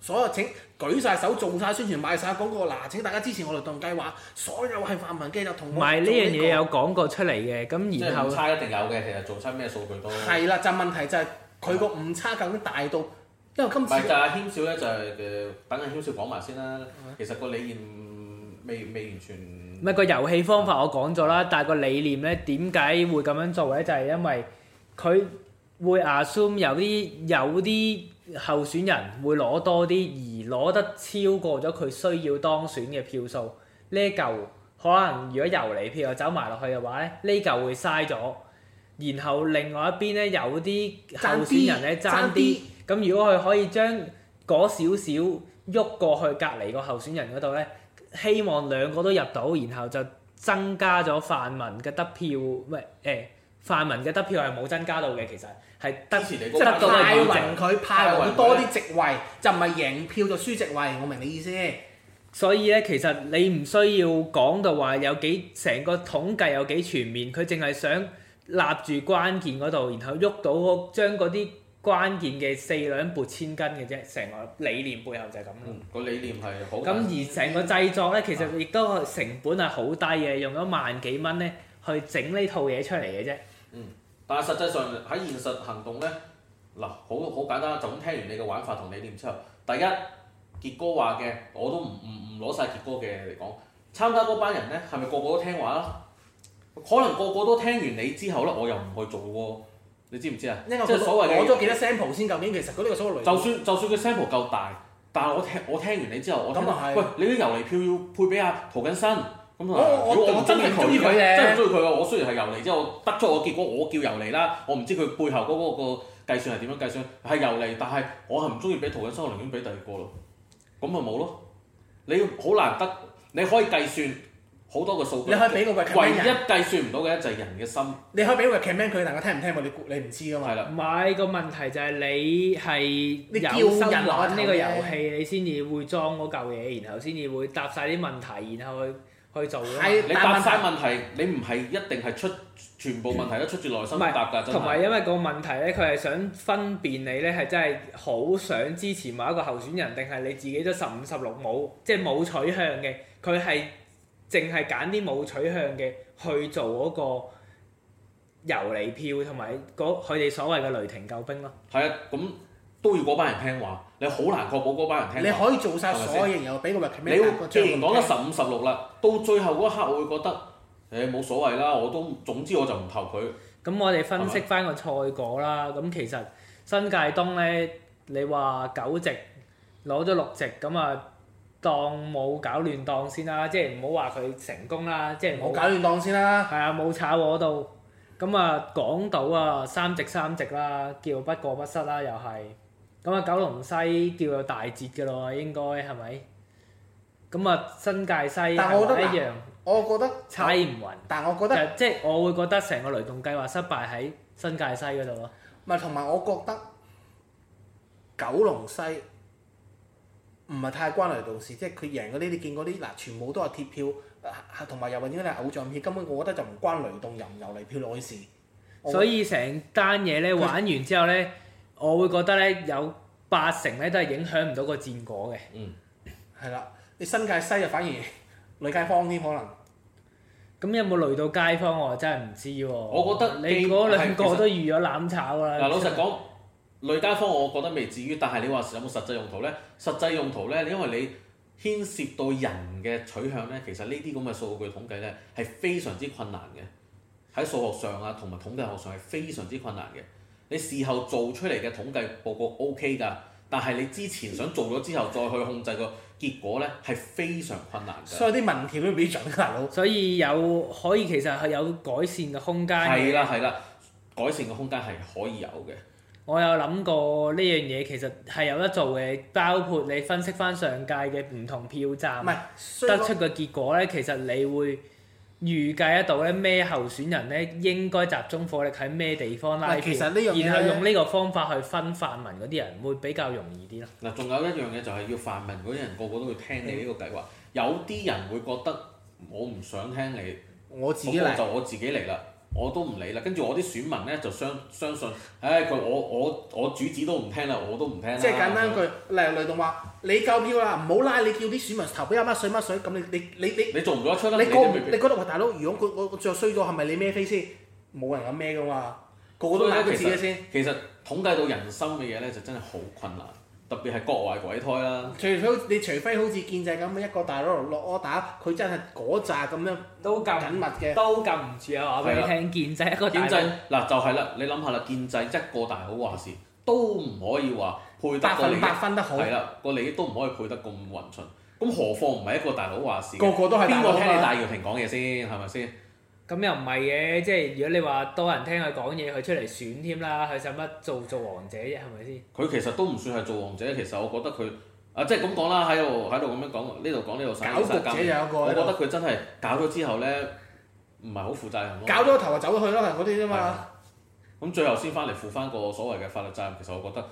所有請舉晒手做晒宣傳賣晒廣告，嗱，請大家支持我哋動計劃，所有係泛民機就同埋呢樣嘢有講過出嚟嘅，咁然後差一定有嘅。其實做出咩數據都係啦，就問題就係佢個誤差究竟大到因為、啊、今次唔係就謙少咧，就係、是、誒等阿謙少講埋先啦。其實個理念未未完全唔係、啊、個遊戲方法我講咗啦，啊、但係個理念咧點解會咁樣做咧？就係、是、因為佢。會 assume 有啲有啲候選人會攞多啲，而攞得超過咗佢需要當選嘅票數呢嚿，可能如果遊離票走埋落去嘅話咧，呢嚿會嘥咗。然後另外一邊咧，有啲候選人咧爭啲，咁如果佢可以將嗰少少喐過去隔離個候選人嗰度咧，希望兩個都入到，然後就增加咗泛民嘅得票，唔、欸、係泛民嘅得票係冇增加到嘅，其實係得即係派民佢派民多啲席位，就唔係贏票就輸席位，我明你意思。所以咧，其實你唔需要講到話有幾成個統計有幾全面，佢淨係想立住關鍵嗰度，然後喐到將嗰啲關鍵嘅四兩撥千斤嘅啫，成個理念背後就係咁咯。嗯，嗰個理念係好。咁而成個製作咧，其實亦都成本係好低嘅，用咗萬幾蚊咧去整呢套嘢出嚟嘅啫。但係實際上喺現實行動咧，嗱，好好簡單就咁聽完你嘅玩法同理念之後，第一傑哥話嘅，我都唔唔唔攞晒傑哥嘅嚟講，參加嗰班人咧係咪個個都聽話啦？可能個個都聽完你之後咧，我又唔去做喎。你知唔知啊？因為即係所謂攞咗幾多 sample 先？究竟其實嗰啲嘅所謂就算就算佢 sample 夠大，但係我聽我聽完你之後，我咁又係喂，你啲遊離票要配俾阿陶景新。我我，我，我真係中意佢嘅，真係中意佢嘅。我雖然係遊離，之後得出個結果，我叫游離啦。我唔知佢背後嗰、個、個計算係點樣計算，係游離。但係我係唔中意俾陶永生，我寧願俾第二個咯。咁咪冇咯？你好難得，你可以計算好多個數。你可以俾個唯一計算唔到嘅就係人嘅心。你可以俾個 command 佢，但係佢聽唔聽喎？你你唔知㗎嘛？係啦是的。唔、那、係個問題就係你係你要玩呢個遊戲，的你先至會裝嗰嚿嘢，然後先至會答晒啲問題，然後去。去做咯。你答晒問題，你唔係一定係出全部問題都出自內心答㗎，真係。同埋因為個問題咧，佢係想分辨你咧係真係好想支持某一個候選人，定係你自己都十五十六冇，即係冇取向嘅。佢係淨係揀啲冇取向嘅去做嗰個遊離票，同埋佢哋所謂嘅雷霆救兵咯。係啊，咁都要嗰班人聽話。你好難確保嗰班人聽你可以做晒所有嘢，吧然個日期咩？你之前講得十五十六啦，到最後嗰一刻，我會覺得誒冇、欸、所謂啦，我都總之我就唔投佢。咁我哋分析返個賽果啦，咁其實新界東呢，你話九席，攞咗六席，咁啊當冇搞亂檔先啦，即係唔好話佢成功啦，即係冇搞亂檔先啦，係啊，冇炒我度，咁啊港島啊三席三席啦，叫不過不失啦又係。咁啊，九龍西叫有大捷嘅咯，應該係咪？咁啊，新界西係一樣，我覺得踩唔穩。但係我覺得即係我會覺得成個雷動計劃失敗喺新界西嗰度咯。咪同埋我覺得九龍西唔係太關雷動事，即係佢贏嗰啲，你見過啲嗱，全部都係鐵票，同埋又或者係偶像票，根本我覺得就唔關雷動入唔入嚟票內事。所以成單嘢咧玩完之後咧。我會覺得咧，有八成咧都係影響唔到個結果嘅。嗯，係啦 *laughs* 你新界西啊，反而累街坊添。可能。咁、嗯、有冇累到街坊？我真係唔知喎。我覺得你嗰兩個實都預咗攬炒啦。嗱，老實講，累街坊我覺得未至於，但係你話有冇實際用途呢？實際用途呢，因為你牽涉到人嘅取向呢，其實呢啲咁嘅數據統計呢係非常之困難嘅。喺數學上啊，同埋統計學上係非常之困難嘅。你事後做出嚟嘅統計報告 OK 㗎，但係你之前想做咗之後再去控制個結果呢，係非常困難㗎。所以啲民調都唔準㗎，大佬。所以有可以其實係有改善嘅空間。係啦係啦，改善嘅空間係可以有嘅。我有諗過呢樣嘢，其實係有得做嘅，包括你分析返上屆嘅唔同票站，唔係、嗰個、得出嘅結果呢，其實你會。預計得到咧，咩候選人咧，應該集中火力喺咩地方拉票，其實然後用呢個方法去分泛民嗰啲人，會比較容易啲咯。嗱，仲有一樣嘢就係要泛民嗰啲人個個都會聽你呢個計劃，有啲人會覺得我唔想聽你，我自己就我自己嚟啦，我都唔理啦。跟住我啲選民咧就相相信，唉、哎、佢我我我主子都唔聽啦，我都唔聽啦。即係簡單句靚女嘅話。你夠、啊、票啦，唔好拉！你叫啲市民投俾阿乜水乜水咁，你、啊、你叫你你你做唔做得出？你嗰你嗰度話大佬，如果佢我我著衰咗，係咪你孭飛先？冇人肯孭噶嘛，個個，個都揀佢自己先。其實，其實，其實統計到人生嘅嘢咧，就真係好困難，特別係國外鬼胎啦、啊。除非你，除非好似建制咁樣一個大佬落柯打，佢真係嗰扎咁樣都夠緊密嘅，都咁唔住啊！話俾你對聽建制一個大震嗱，就係、是、啦，你諗下啦，建制一個大佬話事都唔可以話。配得個百，分百分得好，係啦，個利益都唔可以配得咁均勻。咁何況唔係一個大佬話事，個個都係邊個聽你戴耀廷講嘢先，係咪先？咁又唔係嘅，即係如果你話多人聽佢講嘢，佢出嚟選添啦，佢使乜做做王者啫？係咪先？佢其實都唔算係做王者，其實我覺得佢啊，即係咁講啦，喺度喺度咁樣講，呢度講呢度散。搞局者有一個，我覺得佢真係搞咗之後咧，唔係好負責任。搞咗頭就走咗去咯，係嗰啲啫嘛。咁最後先翻嚟負翻個所謂嘅法律責任，其實我覺得。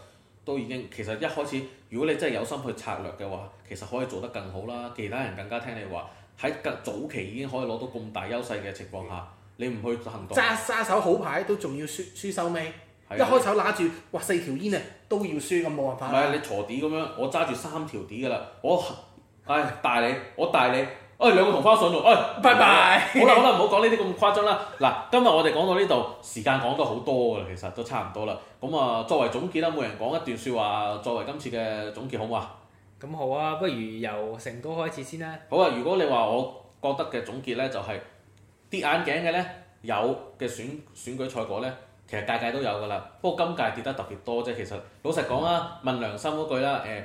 都已經其實一開始，如果你真係有心去策略嘅話，其實可以做得更好啦。其他人更加聽你話，喺更早期已經可以攞到咁大優勢嘅情況下，你唔去行動，揸揸手好牌都仲要輸輸收尾。的一開手拿住，哇四條煙啊，都要輸，咁冇辦法。唔係你鋤地咁樣，我揸住三條碟㗎啦，我唉大你，我大你。誒兩、哎、個同花順囉，哎、拜拜。拜拜，好啦好啦，唔好講呢啲咁誇張啦。嗱，今日我哋講到呢度，時間講得好多噶啦，其實都差唔多啦。咁啊，作為總結啦，每人講一段説話作為今次嘅總結好，好唔好啊？咁好啊，不如由成都開始先啦。好啊，如果你話我覺得嘅總結呢，就係、是、跌眼鏡嘅呢，有嘅選選舉賽果呢，其實屆屆都有噶啦。不過今屆跌得特別多啫。其實老實講啊，問良心嗰句啦，誒，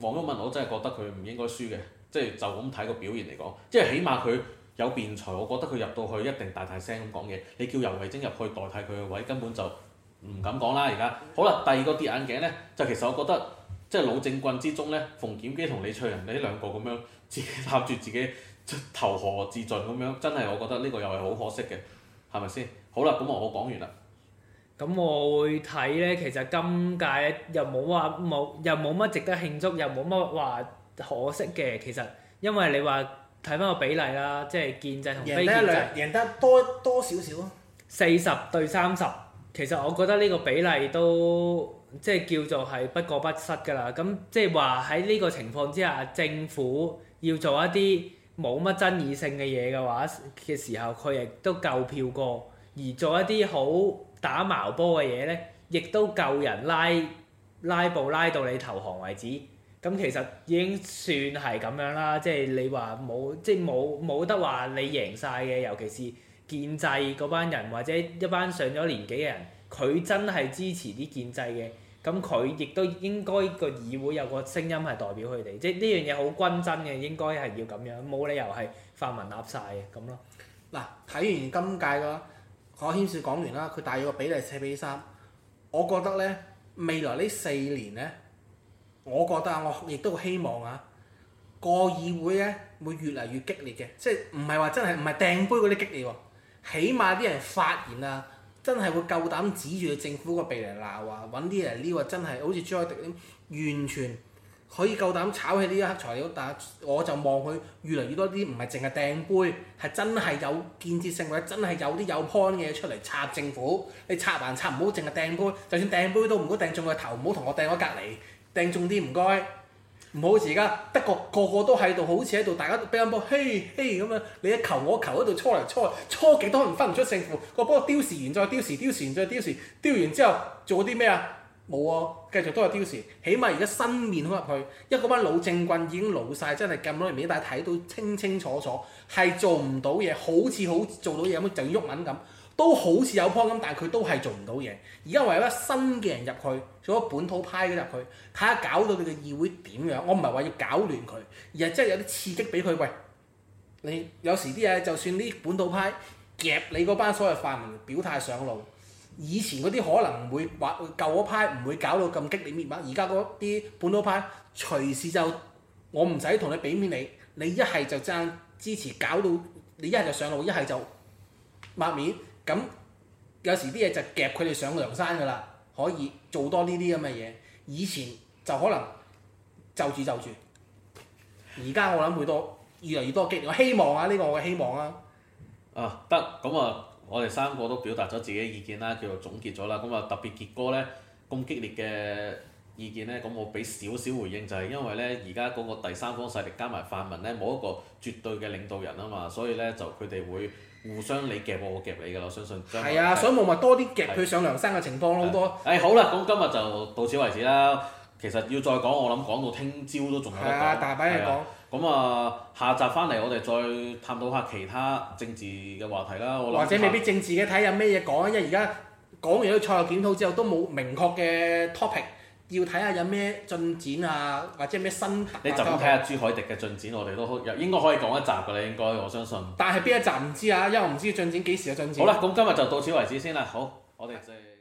黃旭文我真係覺得佢唔應該輸嘅。即係就咁睇個表現嚟講，即係起碼佢有辯才，我覺得佢入到去一定大大聲咁講嘢。你叫游蕙禎入去代替佢嘅位，根本就唔敢講啦。而家好啦，第二個跌眼鏡呢，就其實我覺得即係老政棍之中呢，馮檢基同李翠仁呢兩個咁樣自己攬住自己投河自盡咁樣，真係我覺得呢個又係好可惜嘅，係咪先？好啦，咁我講完啦。咁、嗯、我會睇呢，其實今屆又冇話冇，又冇乜值得慶祝，又冇乜話。可惜嘅，其實因為你話睇返個比例啦，即係建制同非建制贏得，贏得多多少少啊，四十對三十，其實我覺得呢個比例都即係叫做係不過不失㗎啦。咁即係話喺呢個情況之下，政府要做一啲冇乜爭議性嘅嘢嘅話嘅時候，佢亦都夠票過；而做一啲好打矛波嘅嘢呢，亦都夠人拉拉布拉到你投降為止。咁其實已經算係咁樣啦，即係你話冇，即係冇冇得話你贏晒嘅，尤其是建制嗰班人或者一班上咗年紀嘅人，佢真係支持啲建制嘅，咁佢亦都應該個議會有個聲音係代表佢哋，即係呢樣嘢好均真嘅，應該係要咁樣，冇理由係泛民攬晒嘅咁咯。嗱，睇完今屆個可恆選講完啦，佢大約個比例四比三，我覺得咧未來呢四年咧。我覺得啊，我亦都希望啊，個議會咧會越嚟越激烈嘅，即係唔係話真係唔係掟杯嗰啲激烈喎，起碼啲人發言啊，真係會夠膽指住政府個鼻嚟鬧啊，揾啲人呢啊，真係好似朱凱廸咁，完全可以夠膽炒起呢一黑材料，但我就望佢越嚟越多啲，唔係淨係掟杯，係真係有建設性或者真係有啲有 point 嘅嘢出嚟插政府。你拆還拆，唔好，淨係掟杯，就算掟杯都唔好掟中佢頭，唔好同我掟我隔離。掟中啲唔該，唔好而家，德國個,個個都喺度，好似喺度，大家俾人波，嘿嘿咁樣，你一球我一球喺度搓嚟搓去，搓幾多年分唔出勝負，個波丟時完再丟時，丟時完再丟時，丟完之後做啲咩啊？冇啊，繼續都係丟時，起碼而家新面孔入去，因為嗰班老政棍已經老晒，真係咁多年，俾大家睇到清清楚楚，係做唔到嘢，好似好做到嘢咁，就喐撚咁。都好似有樖咁，但係佢都係做唔到嘢。而家唯有咧新嘅人入去，做咗本土派嘅入去，睇下搞到佢嘅議會點樣。我唔係話要搞亂佢，而係真係有啲刺激俾佢。喂，你有時啲嘢就算啲本土派夾你嗰班所謂泛民表態上路，以前嗰啲可能唔會話舊嗰派唔會搞到咁激烈滅板。而家嗰啲本土派隨時就我唔使同你俾面你，你一係就爭支持，搞到你一係就上路，一係就抹面。咁有時啲嘢就夾佢哋上梁山噶啦，可以做多呢啲咁嘅嘢。以前就可能就住就住，而家我諗會多越嚟越多激烈。我希望啊，呢個我嘅希望啊。啊，得咁啊，我哋三個都表達咗自己嘅意見啦，叫做總結咗啦。咁啊，特別傑哥呢，咁激烈嘅意見呢，咁我俾少少回應就係因為呢，而家嗰個第三方勢力加埋泛民呢，冇一個絕對嘅領導人啊嘛，所以呢，就佢哋會。互相你夾我夾你，我夾你㗎啦！我相信係啊，嗯、所以我咪多啲夾佢上梁山嘅情況好、啊、多。誒、哎、好啦，咁今日就到此為止啦。其實要再講，我諗講到聽朝都仲有得講。係啊，大把嘢講。咁啊，啊，下集翻嚟我哋再探討下其他政治嘅話題啦。或者未必政治嘅，睇下有咩嘢講，因為而家講完啲賽後檢討之後都冇明確嘅 topic。要睇下有咩進展啊，或者咩新你就咁睇下朱凱迪嘅進展，我哋都好，應該可以講一集㗎啦，應該我相信。但係邊一集唔知啊，因為我唔知進展幾時有進展。進展好啦，咁今日就到此為止先啦。好，我哋